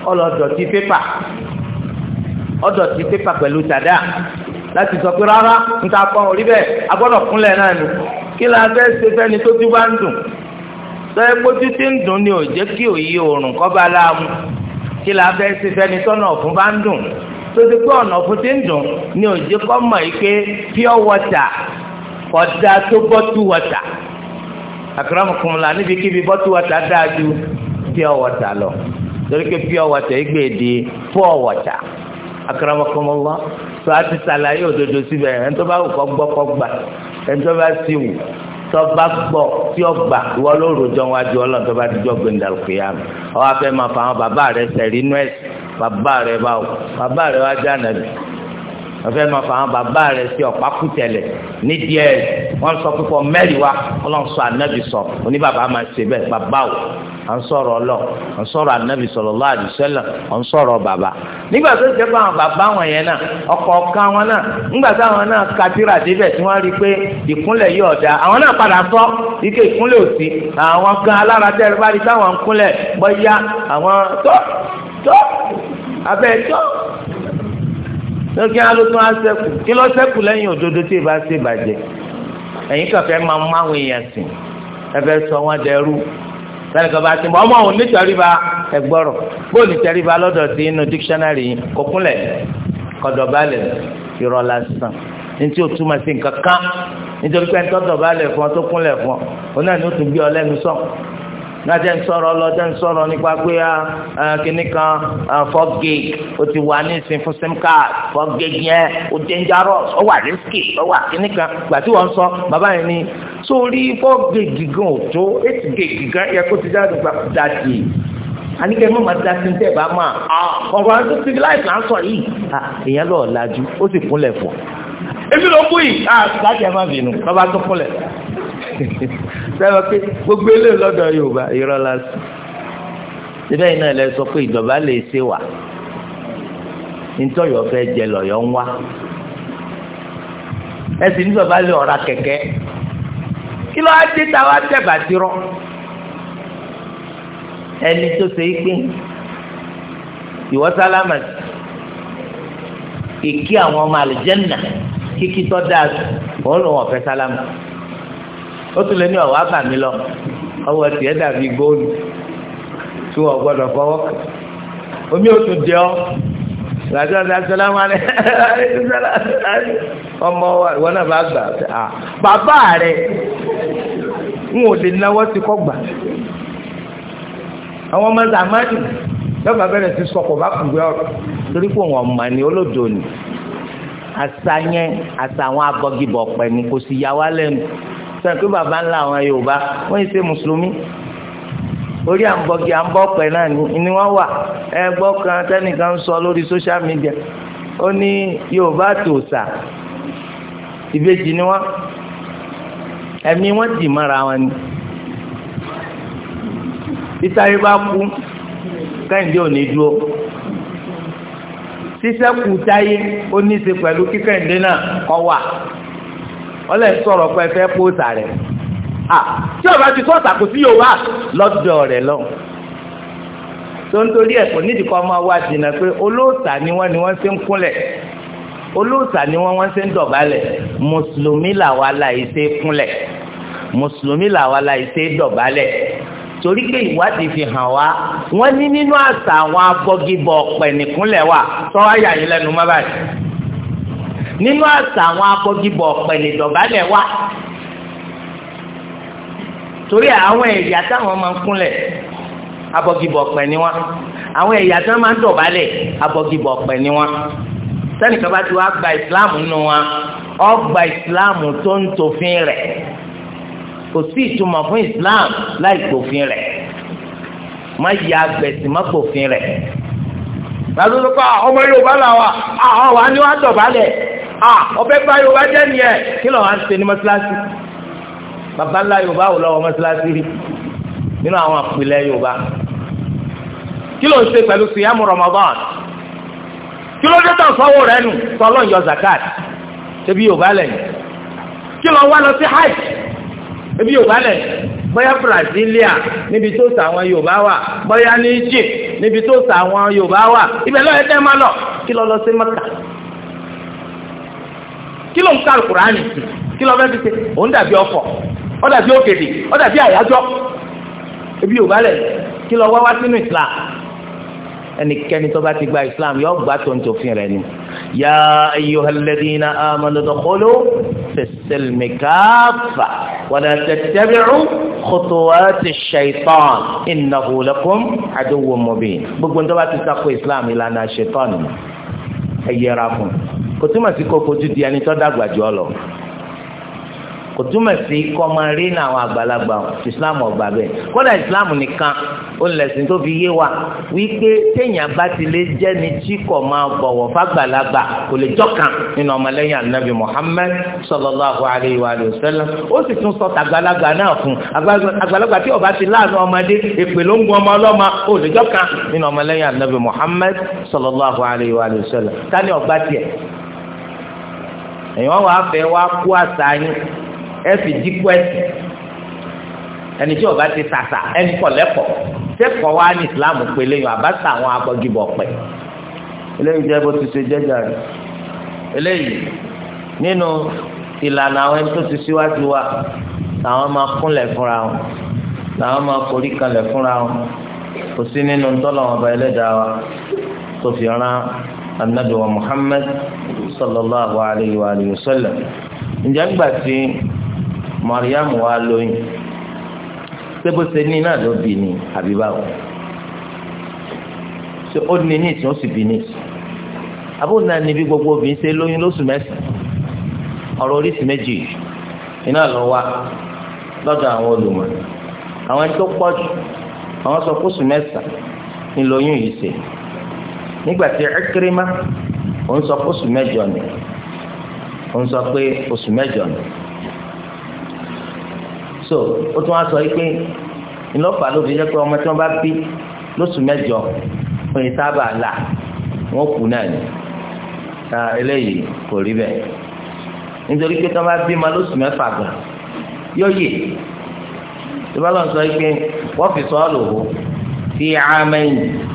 أو دوتي بيبا أو دوتي بيبا بلو تدا لا تسوي رارا نتاكم أولي بي أقول أقول لنا kí la fẹ́ ṣe fẹ́ni tó ti bá ń dùn lọ́yẹ́ pójú tí ń dùn ni ò jẹ́ kí òye òrùn kọ́ bá láàmú kí la fẹ́ ṣe fẹ́ni tọ́nà ọ̀fun bá ń dùn tó ti pé ọ̀nà ọ̀fun ti ń dùn ni ò jẹ́ kọ́ mọ̀ yìí pure water ọ̀dà tó bọ́tú water àkàràmùkùnmùlà níbikíbi bọ́tú water dáa ju pure water lọ torí pé pure water yìí gbé e di pure water àkàràmùkùnmùlà tó a ti ṣàlàyé òdodo síbẹ̀ ẹni tó bá wù kọ́ gbọ́ kọ́ gbà ẹnitọ́ bá sì wù tọ́ba gbọ́ tí ó gbà ìwọ ló rojọ́ wájú ọlọ́run tọ́ba ti jọ gbẹ̀ndàlù kìyàmù ọwọ́ afẹ́ máa fa àwọn bàbá rẹ sẹ̀rí nọ́ẹ̀sì bàbá rẹ báwo bàbá rẹ wájú ànàbì ọ̀fẹ́ máa fọ àwọn bàbá rẹ̀ sí ọ̀pá kùtẹ̀lẹ̀ ní díẹ̀ wọ́n sọ púpọ̀ mẹ́rin wa ọlọ́run sọ ànábì sọ oníbàbá máa ṣe bẹ́ẹ̀ bàbá o à ń sọ̀rọ̀ ọlọ́ à ń sọ̀rọ̀ ànábì sallallahu alaihi wasallam à ń sọ̀rọ̀ bàbá nígbà tó ṣe pé àwọn bàbá wọn yẹn náà ọ̀kọ̀ọ̀kan wọn náà nígbà táwọn náà katira débẹ̀ tí wọ́n rí i pé ìkúnlẹ̀ yìí ọ̀dà àwọn náà padà sọ ike ìkúnlẹ̀ òsì àwọn gan alára tẹ́rẹ́ bá rí táwọn ń kúnlẹ̀ bọ́yá àwọn tó tó abẹ́ tó lókè alótó á sẹ́kù kí ló sẹ́kù lẹ́yìn òdodo tí ìbá ṣe bàjẹ́ ẹ̀yin kàfẹ́ máa mú àwọn èèyàn sìn ẹ̀fẹ́ sọ wọn dẹrú lẹ́yìn kan bá ti mọ ọmọ òun nítẹríba ẹgbọ́rọ̀ bóun nítẹríba lọ́dọ̀ sí inú dictionary yìí kò kúnlẹ̀ kọ̀dọ̀bálẹ̀ irọ́ lásán ntí o túmọ̀ sí nǹkan kan nítorí pé ntọ́dọ̀bálẹ̀ fún ọ tó kúnlẹ̀ fún ọ gbàtẹ́ ń sọ̀rọ̀ lọ́tẹ́ ń sọ̀rọ̀ nípa pé kínní kan four o ti wà ní ìsìn fún sim card four yẹn o dangerous ó wà risky ó wà kínní kan gbàtí wọ́n sọ bàbá yẹn ni sórí four gig gan ò tó eight gig gan yẹ kó ti jáde gba dàdí àníkẹ́ mọ́ màá dasi ń tẹ̀bá máa ọ̀rọ̀ àti civilized là ń sọ yìí èèyàn lọ́ọ̀ lajú ó sì kúnlẹ̀ fọ̀ èmi ló kú yìí àti láti ẹ̀ má bínú bàbá tó kúnlẹ̀ sábà pé gbogbo eléyìí lọ́dọ̀ yorùbá irọ́ lásán síbẹ̀ iná ilẹ̀ sọ pé ìjọba lè ṣe wà nítorí ọ̀fẹ́ jẹ lọ́yọ̀ ń wá ẹ sì níjọba lè ọ̀ra kẹ̀kẹ́ kí ló á dé táwa tẹ̀ bàtí rọ́ ẹni tó ṣe é pé ìwọ sálámà ìkí àwọn ọmọ àlùjẹ́nà kíkí tó dáa òun lòun ọ̀fẹ́ sálámà ó tún lè ní ọ̀wá bà mí lọ ọwọ́ tiẹ̀ dàbí góòlù tí wọ́n gbọ́dọ̀ fọwọ́ kàn omi ò tún dé ọ làtí ọ̀dà sọlámù alẹ́ ọmọ ìwọ náà bá gbà á bàbá rẹ ń ò lè náwó ti kọ́ gbà àwọn ọmọ zamani lọ́ba bẹ̀rẹ̀ sí sọkọ̀ bá kùgbé ọ̀rọ̀ torí pé wọn mọ̀ ní olódò ni àṣà yẹn àṣà àwọn abọ́gibọ̀ pẹ̀ ni kò sì yà wá lẹ́nu sàn pé baba ńlá àwọn Yorùbá wọ́n yìí ṣe mùsùlùmí orí àǹbọ̀gì àǹbọ̀pẹ̀ náà ni wọ́n wà ẹ gbọ́ kan tẹ́nìkan ń sọ lórí social media ó ní Yorùbá tòòṣà ìbejì ni wọ́n ẹ̀mí wọ́n dì mọ́ra wọn ni títáyé bá kú kẹ́hìndé ò ní dúró sísẹ́kù táyé ó ní í ṣe pẹ̀lú kíkẹ́hìndé náà kọ́ wà ọlẹ́ ń sọ̀rọ̀ pé ẹ fẹ́ pòsà rẹ̀ à tí ọba ti sọ̀tà kò sí yorùbá lọ́dọ̀ rẹ̀ lọ. tó ń torí ẹ̀ kò nídìí kọ́ máa wá jìnnà pé olóòṣà ni wọ́n ni wọ́n ṣe ń kúnlẹ̀ olóòṣà ni wọ́n wọ́n ṣe ń dọ̀bálẹ̀ mùsùlùmí làwa láì ṣe kúnlẹ̀ mùsùlùmí làwa láì ṣe dọ̀bálẹ̀ torí pé ìwádìí fi hàn wá wọ́n ní nínú àṣà àwọn abọ́gibọ̀ pẹ̀nìkúnlẹ̀ wà tọ́wáyà yìí lẹ́nu mọ́ báyìí nínú àṣà àwọn akọ́gibọ̀ pẹ̀lẹ́ dọ̀bálẹ̀ wà torí àwọn ẹ̀yà táwọn máa ń kúnlẹ̀ abọ́gibọ̀ ọ̀pẹ̀ ni wọ́n àwọn ẹ̀yà tí wọ́n máa ń dọ̀bálẹ̀ abọ́gibọ̀ ọ̀pẹ̀ ni wọ́n sẹ́nìkan bá ti wá gba ìsìláàmù nínú wọn ó gba ìsìláàmù tó ń tòfin rẹ̀ kò sí ìtumọ̀ fún ìsìláàmù láì tòfin rẹ̀ má ya gbẹ̀sì má pòfin rẹ̀ lálùkọ́ ah, ọmọ Yorùbá làwà ah, àwọn wà ní wàá dọ̀bálẹ̀ ọbẹ̀ bá yorùbá jẹ́ nìyẹn kí lọ́wọ́ à ń ṣe ní mọ́ṣáláṣí bàbá ńlá yorùbá wò lọ́wọ́ mọ́ṣáláṣí rí nínú àwọn àpilẹ̀ yorùbá kí ló ń ṣe pẹ̀lú siyamu ramadan kí ló dé tán sọ́wọ́ rẹ nù tọ́lọ́ ń yọ zakat ṣebí yorùbá lẹ́yìn kí ló wá lọ sí hajj ṣebí yorùbá lẹ́yìn bóyá brasilia níbi tó sà àwọn yorùbá wà bóyá ní egypt níbi tó sà àwọn yorùbá wà ibẹ̀ lọ́yẹ̀ tẹ́ máa lọ kí ló lọ sí mọ́tà kí ló ń ká alukurani kí ló fẹ́ fi ṣe òun dàbí ọkọ̀ ó dàbí òkèdè ó dàbí àyájọ́ ebi yorùbá lẹ̀ kí ló wá wá sínú islam ẹnikẹ́ni tó bá ti gba islam yóò gbà tó ń tòfin rẹ̀ ni ya ayyuhalladhina amanu dukhulu fis-silmi kaffa wa la tattabi'u khutuwati shaitan innahu gbogbo ń tó ti sako islam ìlànà shaitan ẹ yẹra fún un kò túmọ̀ sí kó fojú di ẹni tó dàgbà jù ọ lọ kò túmọ̀ sí kó máa rí ní àwọn àgbàlagbà islam ọgbà bẹ́ẹ̀ kódà islam nìkan ó lẹ̀sìn tó fi yé wa wípé téèyàn bá ti lè jẹ́ni tí kò máa bọ̀wọ̀ fàgbàlagbà kò lè jọ́kan nínú ọmọlẹ́yìn anabi muhammed sallallahu alayhi wa sallam ó sì tún sọ tàgbàlagbà náà fún àgbàlagbà tí ó bá ti láàánú ọmọdé èpè ló ń gun ọmọ ọlọ́mọ ó lè jọ́kan nínú ọmọlẹ́yìn anabi muhammed sallallahu alayhi wa sallam tani ọgbà tiẹ̀ èèyàn wà fẹ́ wá kú àṣà yín ẹ fi dípò ẹ̀sìn ẹni tí ọba ti sàṣà ẹni kọ̀ lẹ́kọ̀ọ́ sẹ́kọ̀ọ́ wa ní Islam pé lẹ́yìn àbáṣà àwọn abọ́gibọ̀ pẹ̀ eléyìí jẹ́ bó ti ṣe jẹ́jà rẹ̀ eléyìí nínú ìlànà àwọn ẹni tó ti síwájú wa làwọn máa kúnlẹ̀ fúnra wọn làwọn máa forí kanlẹ̀ fúnra wọn kò sí nínú tọ́lọ̀ wọn ọba ẹlẹ́dàá wa tó fi rán anabi wa muhammad sallallahu alayhi wa alayhi wa sallam ǹjẹ́ ńgbà tí mariam wá lóyún sébóse ní náà ló bì ní àbíbáwò ṣé ó ní ní ìsìn ó sì bì ní ìsìn àbúrò náà níbi gbogbo obìnrin ṣe lóyún lóṣù mẹ́sàn-án ọ̀rọ̀ oríṣi méjì iná lọ wá lọ́dọ̀ àwọn olùmọ̀ àwọn ẹni tó pọ̀ jù àwọn sọ fóṣù mẹ́sàn-án ńlọyún yìí ṣe nígbà tí Ikrima òun sọ pé oṣù mẹ́jọ ni òun sọ pé oṣù mẹ́jọ ni so ó tún wá sọ yìí pé ńlọ́pàá ló fi jẹ́ pé ọmọ tí wọ́n bá bí lóṣù mẹ́jọ wọ́n yìí sábà là wọ́n kú náà ni ta eléyìí kò rí bẹ́ẹ̀ nítorí pé tí wọ́n bá bí ma lóṣù mẹ́fà gan yóò yè tí yìí pé wọ́n fi sọ́ọ́ lò ó fi àmẹ́yìn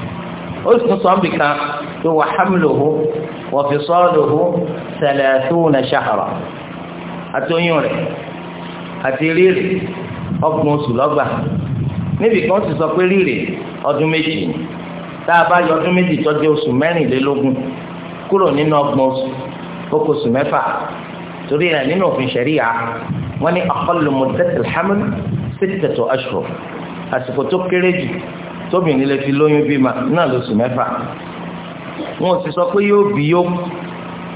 ó sì tún sọ ọ́n bìkan tó wà hamluhu wa fisaluhu thalathuna shahra àti oyún rẹ̀ àti rírì ọgbọ̀n oṣù lọ́gbà níbi kan sì sọ pé rírì ọdún méjì tá a bá yọ ọdún méjì tọ́jú oṣù mẹ́rìnlélógún kúrò nínú ọgbọ̀n oṣù kókò oṣù mẹ́fà torí rẹ̀ nínú òfin ṣẹ̀ríyà wọ́n ní aqallu muddatil haml sittatu ashhur àsìkò tó kéré jù tóbìnrin lè fi lóyún bímọ náà lóṣù mẹ́fà wọn ò sì sọ pé yóò bí yó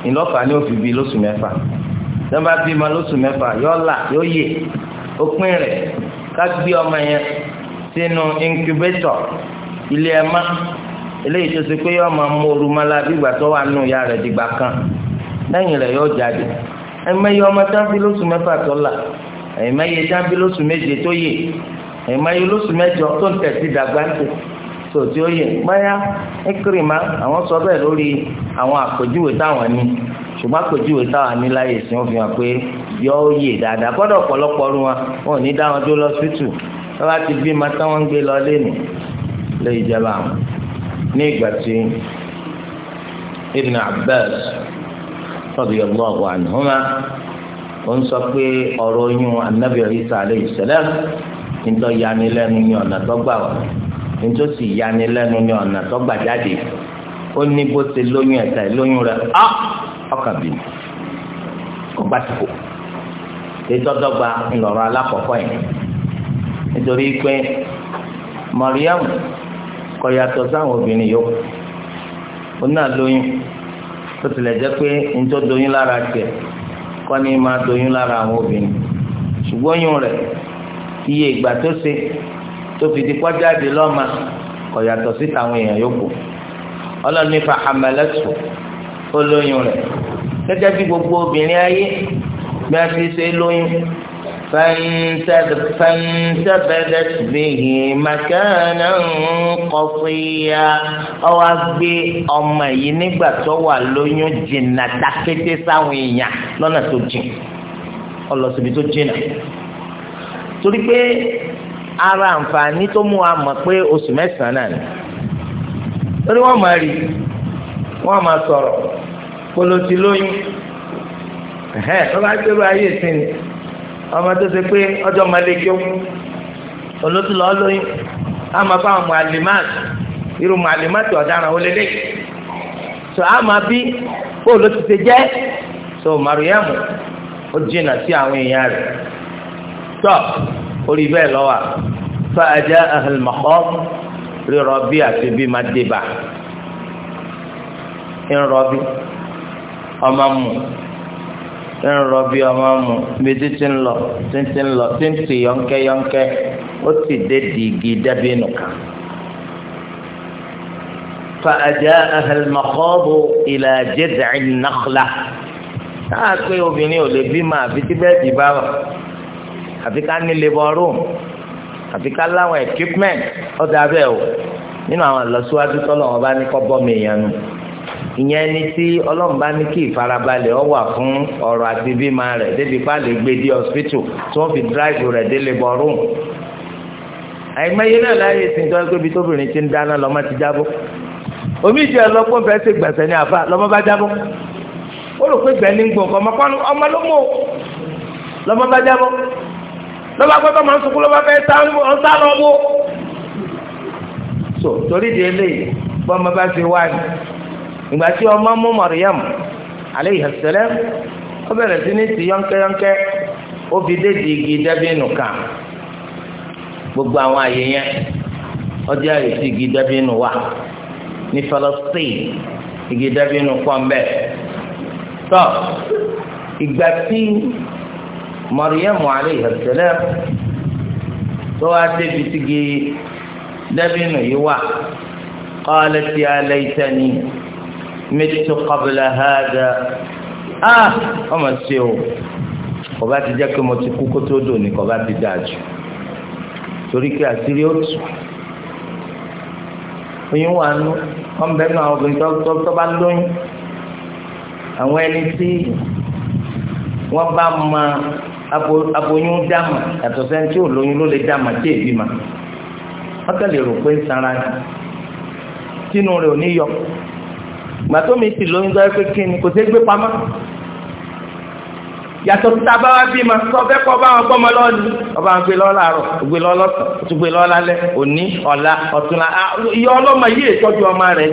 ìlọ́fà ni ó fi bí lóṣù mẹ́fà tí wọ́n bá bímọ lóṣù mẹ́fà yóò là yóò yè òpin rẹ̀ ká gbé ọmọ yẹn sínú incubator ilé ẹ̀ma eléyìí tó ṣe pé yóò máa mú ooru mọ́lá bí ìgbà tó wà nù ya rẹ̀ dìgbà kan lẹ́yìn rẹ̀ yóò jáde ẹ̀mẹ́yẹ ọmọ tábí lóṣù mẹ́fà tó là ẹ̀mẹ́yẹ tábí lóṣù méje tó yè ẹ̀ma yìí lóṣù mẹ́jọ tó ń tẹ̀sí dàgbà ń tẹ̀ tó tí ó yẹ báyà ẹ̀kìrìmá àwọn sọ bẹ́ẹ̀ lórí àwọn àpèjúwe táwọn ní ṣùgbọ́n àpèjúwe táwọn ní láyè sí wọn fi hàn pé yọ ó yè dáadáa gbọ́dọ̀ ọ̀pọ̀lọpọ̀ ọdún wọn wọn ò ní dá wọn dúró lọ síìtù wọn bá ti bí táwọn ń gbé lọ lẹ́nu lè jẹba ní ìgbà tí Ibn Abbas radiyallahu anhuma ó ń sọ pé ọ̀rọ̀ oyún Annabi Isa ntọ́ yanilẹ́nu ní ọ̀nà tọ́gbà wá ntọ́ sì yanilẹ́nu ní ọ̀nà tọ́gbà jáde ó ní bó ti lóyún ẹ̀ta lóyún rẹ̀ á ọkàn bì kó gbà tìkò ìtọ́dọ́gba ńlọrọ̀ alákọ̀ọ́kọ́ yẹn nítorí pé Mariam kò sáwọn obìnrin yòókù ó náà lóyún ó tilẹ̀ jẹ́ pé ntọ́ doyún lára tiẹ̀ kọ́ máa doyún lára àwọn obìnrin ṣùgbọ́n yún rẹ̀ iye ìgbà tó ṣe tó fi di pọ́jáde lọ́mà kò yàtọ̀ sí tàwọn èèyàn yòókù ọlọ́ni fa hamalatu ó lóyún rẹ̀ gẹ́gẹ́ bí gbogbo obìnrin ayé bí a ti ṣe lóyún fẹ́ntẹ́bẹ̀dẹ́t bíhi màkàna qasiya ọwọ́ gbé ọmọ yìí nígbà tó wà lóyún jìnnà takété sáwọn èèyàn lọ́nà tó jìn ọlọ́sibí jìnnà. torí pé ara àǹfààní tó mú wa mọ̀ pé oṣù mẹ́sàn-án náà ni torí wọ́n máa rí wọ́n máa sọ̀rọ̀ polo lóyún tó bá gbèrú ayé ọmọ tó ṣe pé ọjọ́ mọ́lẹ́kíó olótú lọ́ọ́ lóyún á máa bá àwọn màlìmáàtì irú màlìmáàtì ọ̀daràn ó tó á máa bí bóòlù ti jẹ́ tó Màríyàmù ó jìnnà sí àwọn èèyàn rẹ̀. tọ́ orí bẹ́ẹ̀ lọ́wọ́ fa ajá ahàlùmọ́kọ́ rírọ bí àti bí máa dé bá ńrọbí ọmọ mu ńrọbí ọmọ mu méjì ti ń lọ ti ń ti ń ó ti dé dìgì dábì nù kan. فأجاءها المخاض إلى جذع النخلة. táà pé obìnrin ò lè bímọ àfi tí bẹ́ẹ̀ dì bá wà àfi ká ní labour room àfi ká láwọn equipment ọ̀dà abẹ́ o nínú àwọn ìlọsíwájú tọ́lọ̀ wọn bá ní kọ́ bọ́ mi yẹn nu ìyẹn ni tí ọlọ́run bá ní kí ìfarabalẹ̀ ọ wà fún ọ̀rọ̀ àti bímọ rẹ̀ débi pa gbé e dé hospital tí wọ́n fi drive rẹ̀ dé labour room àìmọye náà láyé sí nítorí pé ibi tóbìnrin ti ń dáná lọ́mọ ti jábọ́ omi ìdí ọlọ́gbọ́n fẹ́ẹ́ ṣe gbẹ̀sẹ̀ ní àfa lọ́mọ bá jábọ́ ó rò pé gbẹ̀ ní gbọ̀ngàn ọmọ ló mọ̀ lọ́mọ bá jábọ́ lọ́ba gbọ́dọ̀ máa ń sunkún lọ́ba fẹ́ sá ọ̀sá lọ bó. so torí di eléyìí bọ́ ọmọ bá fi wá ní ìgbà tí ọmọ mú Maryam aleyhi salam ó bẹ̀rẹ̀ sí ní ti yọ́nkẹ́yọ́nkẹ́ ó fi déjì igi dẹ́bínú kan gbogbo àwọn àyè yẹn ọjọ́ àyè tí igi dẹ́bínú wà ní Palestine igi dẹ́bínú pọ̀ ń bẹ̀ tọ́ ìgbà tí mọ̀ríyàmù alayha salam tó wá débi sígi dẹ́bìnú yìí wà qalat ya laytani mittu qabla hadha á ah, ọmọ sí o kò bá ti jẹ́ pé mo ti kú kó tó dò ní kò bá ti dáa jù torí pé àṣírí ó tù oyún wà nù wọn bẹ nù àwọn obìnrin tó bá lóyún àwọn ẹni tí wọn bá máa aboyún dàmà yàtọ̀ sẹ́ni tí ò lóyún ló lè dàmà tí èbí ma wọ́n tẹ̀lé rò pé ń sanra ni tínú rẹ̀ ò ní yọ gbàtómi ti lóyún tó yẹ pé kí ni kò sí gbé pamọ́ yàtọ̀ títa bá wá bí ma sọfẹ́ kọ́ bá wọn gbọ́mọ lọ́ọ̀dì ọba wọn gbé lọ́ọ́ làárọ̀ gbé lọ́ọ́ lọ́sàn tún gbé lọ́ọ́ lálẹ́ òní ọ̀la ọ̀túnla iye ọlọ́mọ yìí ìtọ́jú ọmọ rẹ̀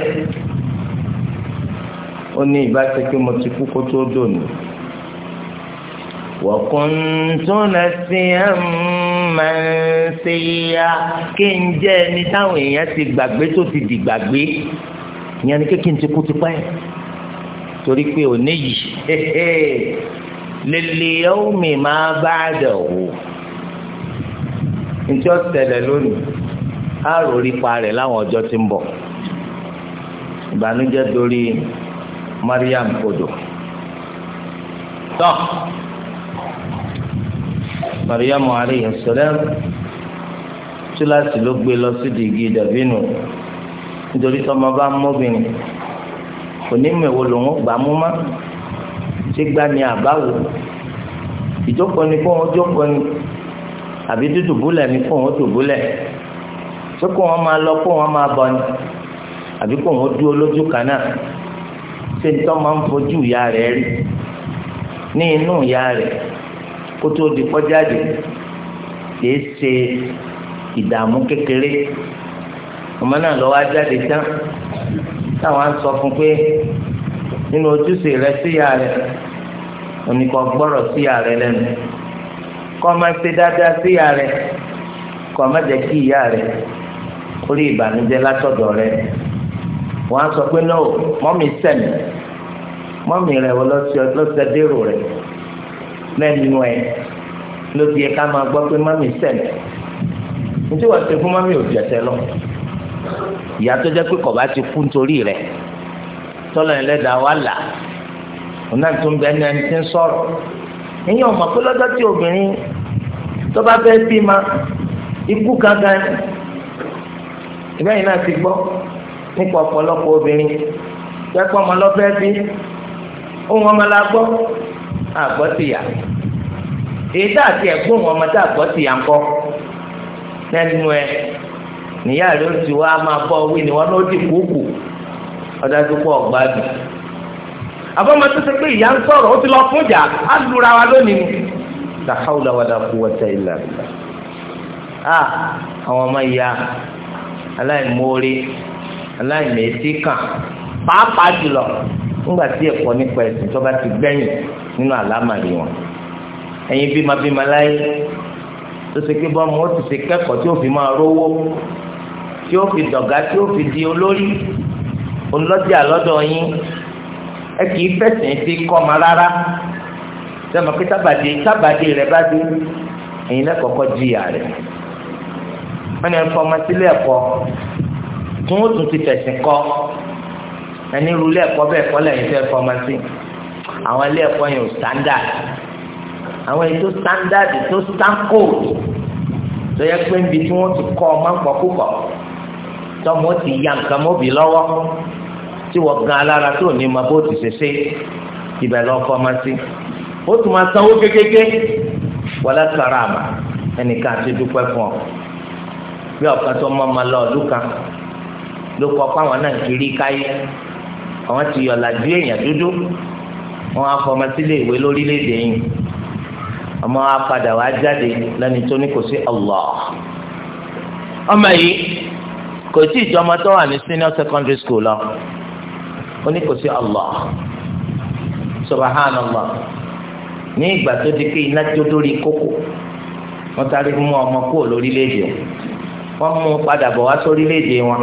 ó ní ìbáṣe pé mo ti kú kó tó dòní wọ̀kùntù nasiyan mansiya kí n jẹ́ ẹni táwọn èèyàn ti gbàgbé tó ti di gbàgbé ìyẹn ni kékin ti kú tipẹ́ torí pé òní yìí lèlè yaumi ma ba'dahu njọ́ ṣẹlẹ̀ lónìí á rori pa rẹ̀ láwọn ọjọ́ tí ń bọ̀ ìbànújẹ́ dorí Mariam kodo tán mariamu aleyhi salam túláàsì ló gbé lọ sí dìgì dàbínú nítorí tọmọ bá mọbìnrin kò ní mẹwò lòún gbà mú má ṣé gbá ni àbáwò ìjókòó ni fún wọn jókòó ni àbí dúdùbúlẹ̀ ni fún wọn dùbúlẹ̀ ṣé kó wọn máa lọ kó wọn máa bọ̀ ni àbí kó wọn dúró lójú kan náà ṣé ní ń fojú ìyá rẹ̀ rí ní inú ìyá rẹ̀ kó tó di pọ́jáde kìí ṣe ìdààmú kékeré ọmọ náà lọ́wọ́ ajáde tán táwọn á sọ fún pé nínú ojúṣe rẹ síyà rẹ oníkan gbọ́rọ̀ síyà rẹ lẹ́nu kọ́ máa ṣe dáadáa síyà rẹ kọ́ máa jẹ́ kí ìyá rẹ orí ìbànújẹ́ látọ̀dọ̀ rẹ wọ́n á sọ pé náà mọ́mí sẹ̀mí mọ́mí rẹ wọ́n lọ́sẹ̀ dérò rẹ. lẹ́nu ẹ̀ ló ti yẹ ká máa gbọ́ pé mami sẹ̀ nítorí wàá ṣe mami lọ ìyá tó jẹ́ pé kọ̀bá ti kú nítorí rẹ̀ tọ́lọ̀ yẹn lẹ́dàá wà là ọ̀nà tó ń bẹ ẹni ẹni tí ń sọ̀rọ̀ ẹ̀yin ọ̀mọ̀ pé lọ́jọ́ tí ma ikú kankan ìbẹ́yìn náà ti gbọ́ nípa ọ̀pọ̀lọpọ̀ obìnrin pẹ́pọ́ ọmọ lọ́fẹ́ bí ohun ọmọ la gbọ́ àgbọ́tìyà èyí tá àti ẹ̀gbọ́n ọmọ tá àgbọ́tìyà ńkọ́ lẹ́nu ẹ níyà rẹ ó ti wá máa bọ́ wí ni wọ́n náà dì kúkú ọ̀dà tó pọ̀ gbádùn àbọ̀mọ tó ṣe pé ìyá ń sọ̀rọ̀ ó ti lọ fún ìjà á lura wa lónìí la hawla wala quwwata illa billah ah àwọn ọmọ ìyá aláìmoore aláìmẹ̀ẹ́sì kan pàápàá jùlọ nígbà tí ẹ̀kọ́ nípa ẹ̀sìn tó bá ti gbẹ̀yìn nínú àlámàlì wọn ẹ̀yin bímabíma láyé tó ṣe pé bọ́mọ ó ti ṣe kẹ́kọ̀ọ́ tí ó fi máa rówó tí ó fi dọ̀gá tí ó fi di olórí olọ́jà lọ́dọ̀ yín ẹ kì í fẹ̀sìn sí kọ́mọ rárá sẹ́mi pé tábàdé tábàdé rẹ̀ bá dé ẹ̀yin lẹ́kọ̀ọ́kọ́ jìyà rẹ̀ wọ́n ní ẹ̀fọ́ ọmọ sílé ẹ̀kọ́ tí wọ́n tún ti fẹ̀sìn kọ́ ẹni ru ilé ẹ̀kọ́ bẹ́ẹ̀ kọ́ lẹ́yìn fẹ́ fọmọsí àwọn ilé ẹ̀kọ́ yẹn ò standard àwọn èyí tó standard tó stand code tó yẹ pé níbi tí wọ́n ti kọ́ ọmọ pọ̀ púpọ̀ tọ́mọ ó ti ya nǹkan mọ́bì lọ́wọ́ tí wọ́n gan alára tó ní ma bó ti ṣèṣe lọ fọmọsí ó tún máa sanwó kékeré wọlé sara àmà ẹnìkan àti dúpẹ́ fún ọ bí ọ̀kan tó mọ́ ọmọ lọ ọdún kan ló kọ́ fáwọn náà kiri káyé àwọn ti yọ̀ làjú èèyàn dúdú wọn á fọmọ sílé ìwé lórílẹ̀ yìí ọmọ wa padà wá jáde lẹ́ni tó ní kò sí Allah ọmọ yìí kò tí ìjọmọ tó wà ní senior secondary school lọ ó ní kò sí Allah subhanallah ní ìgbà tó di pé iná jó lórí kókó wọn tarí mú ọmọ kúrò lórílẹ̀‐èdè wọn mú padà bọ̀ wá sórílẹ̀ wọn.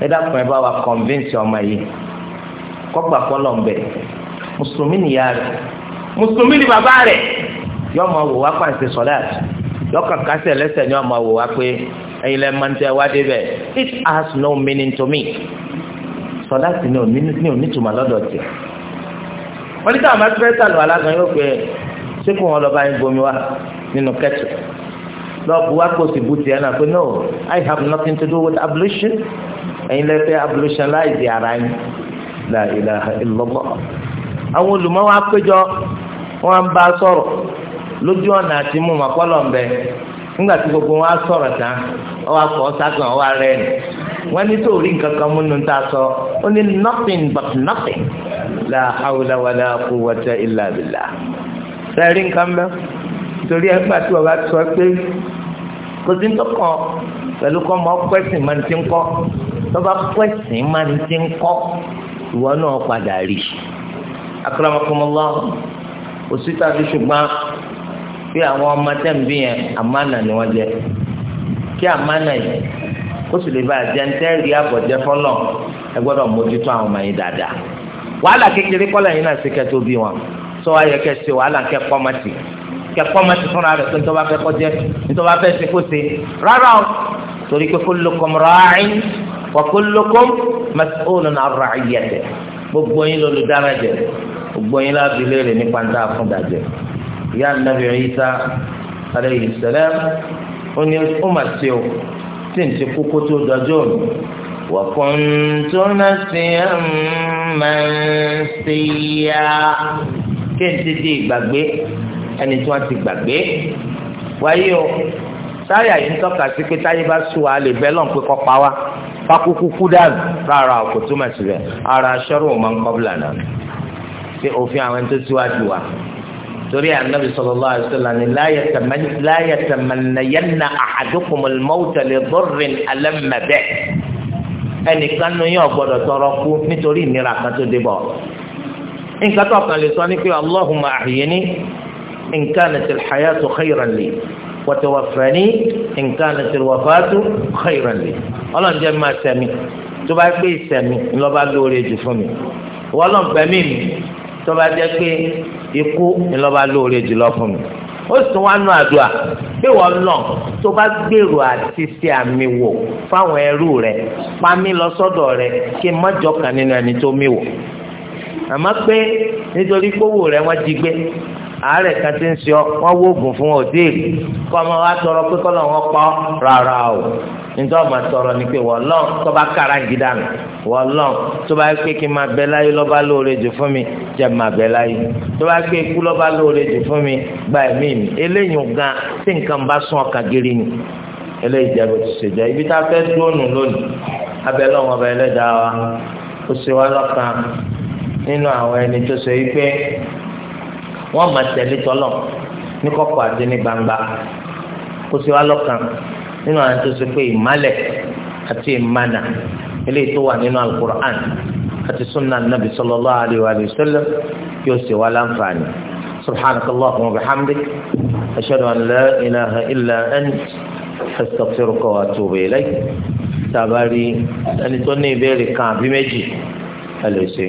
ẹ dákun ẹ bá wa convince ọmọ yìí kọ́gbà kọ́lọ̀ ń bẹ̀ mùsùlùmí nìyá rẹ̀ mùsùlùmí ni bàbá rẹ̀ yóò máa wò wá pàṣẹ sọ́lá lọ́kàn kásẹ̀ lẹ́sẹ̀ ni wọ́n máa wò wá pé ẹ̀yin lẹ́ máa ń tẹ́ wá débẹ̀ it has no meaning to me sọ́lá sì ni ò ní tùmọ̀ lọ́dọ̀ tẹ̀ wọ́n ní káwọn máa fẹ́ sàlù alágan yóò pé ṣé kò wọ́n lọ bá yín bomi wá nínú kẹ́tù lọ́ọ̀bù wá kó sì bú tiẹ̀ náà pé no I have nothing to do with abolition ẹ̀yin lẹ́fẹ́ abolition láìsí ara yín la ilaha illallah àwọn olùmọ̀ wa péjọ wọn ń bá a sọ̀rọ̀ lójú ọ̀nà àti mú wọn kọ́lọ̀ ń bẹ nígbà tí gbogbo wọn á sọ̀rọ̀ tán ọwọ́ akọ̀ ọ́sàkàn ọwọ́ arẹ ni wọn ní tó rí nǹkan kan múnú tá a sọ ó ní nothing but nothing la hawla wala quwwata illa billah sẹ́ẹ̀rí nǹkan mẹ́ torí ẹgbàá tí wọ́n sọ pé kò sí ń tọkàn pẹ̀lú kọ́ ma pẹ́sìn máa ti ń kọ́ lọ́ba pẹ́sìn máa ti ń kọ́ ìwọ náà padà rí akramakumullah òsítà tó ṣùgbọ́n pé àwọn ọmọ tẹ̀m̀bí yẹn àmánà ni wọ́n jẹ kí àmánà yẹn ó sì lè bá àjẹntẹ́ rí àbọ̀jẹ́ fọ́lọ̀ ẹ gbọ́dọ̀ mójútó àwọn ọmọ yẹn dáadáa wàhálà kékeré kọ́lá yẹn náà ṣe kẹ́tó bí wọn sọ ayẹ kẹsì wàhálà kẹ́kọ́ mọ́tì kẹ́kọ́ mọ́tì fúnra rẹ̀ pé nítorí wọn fẹ́ kọ́ jẹ́ nítorí wọn fẹ́ ṣe kó ṣe rárá o torí pé kullukum ra'in wa kullukum mas'ulun 'an ra'iyyatihi gbogbo yín lọ́lùdáradẹ gbogbo yín láti léèrè nípa ń dá àfúndàjẹ ìyá nàbì Ìsá alayhi salam ó ní ó mà sí o tí n ti kú tó dọjọ́ mi wa kuntu nasiyan mansiya kí n ti di ìgbàgbé ẹni tí wọ́n ti gbàgbé wáyé o táyà yìí ń tọ́ka sí pé táyé bá sùn wá lè bẹ́ lọ́n pé kọ́ pa wá pákúkú kú dànù rárá kò túmọ̀ síbẹ̀ ara aṣọ́rò wọn kọ́ bìlà náà pé òfin àwọn tó síwájú wa torí ànábì sallallahu alaihi wasallam ni la yatamannayanna ahadukumul mawta li darrin alamma bihi ẹnìkan nu yín ò gbọ́dọ̀ tọrọ kú nítorí ìnira kan tó dé nǹkan tó kàn lè sọ ní pé allahumma ahyini in kanat al hayatu khayran li wọtẹwàfẹni nǹkan àtẹwàfàtú xeyìrànlẹ Ọlọ́run jẹ́ máa sẹmi tó bá gbé ìsẹmi ńlọba lóore jù fún mi wọlọrun gbẹmí mi tó bá jẹ́ pé ikú ńlọba lóore jù lọ fún mi ó sì wá nù àdúrà pé wọ́n lọ tó bá gbèrò àti ṣe àmì wò fáwọn ẹrú rẹ̀ pa lọ sọ́dọ̀ rẹ̀ kí n má nínú ẹni tó mi wò àmọ́ pé nítorí pé owó wọ́n ti gbé àárẹ̀ kan ti ń sọ wọ́n wóògùn fún òdìrí kọ́ ọmọ wa tọrọ pé kọ́ lọ́wọ́ pọ́ rárá o nítorí ọmọ tọrọ ni pé wọ́n lọ́n tó bá kára yìí dànù wọ́n lọ́n tó bá pé kí n máa bẹ láyé lọ́ba lóore jù fún mi jẹ́ máa bẹ láyé tó bá pé ikú lọ́ba lóore jù fún mi gba ẹ̀mí mi eléyìí gan tí nǹkan bá sún ọkàn gírí ni eléyìí jẹ́ bó ti ṣe jẹ́ ibi tá a fẹ́ dúró lónìí abẹ́ wọ́n máa tẹ̀lé tọ́lọ̀ ní kọ̀kọ̀ àti ní gbangba kó sì wá lọ́kàn nínú àwọn tó ṣe pé ìmálẹ̀ àti ìmánà eléyìí tó wà nínú alukur'an àti sunna nabi sallallahu alayhi wa sallam yóò ṣe wá láǹfààní subhanaka allahumma wa bihamdik ashhadu an la ilaha illa ant astaghfiruka wa atubu ilayk tabari ẹni tó ní ìbéèrè kan àbí méjì ẹ lè ṣe.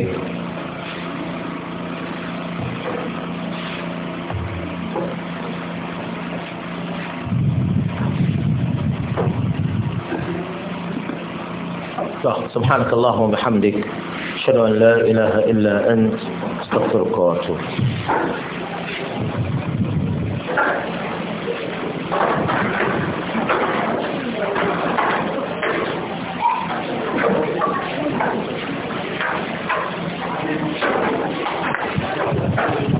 سبحانك اللهم وبحمدك أشهد أن لا إله إلا أنت أستغفرك وأتوب Thank you.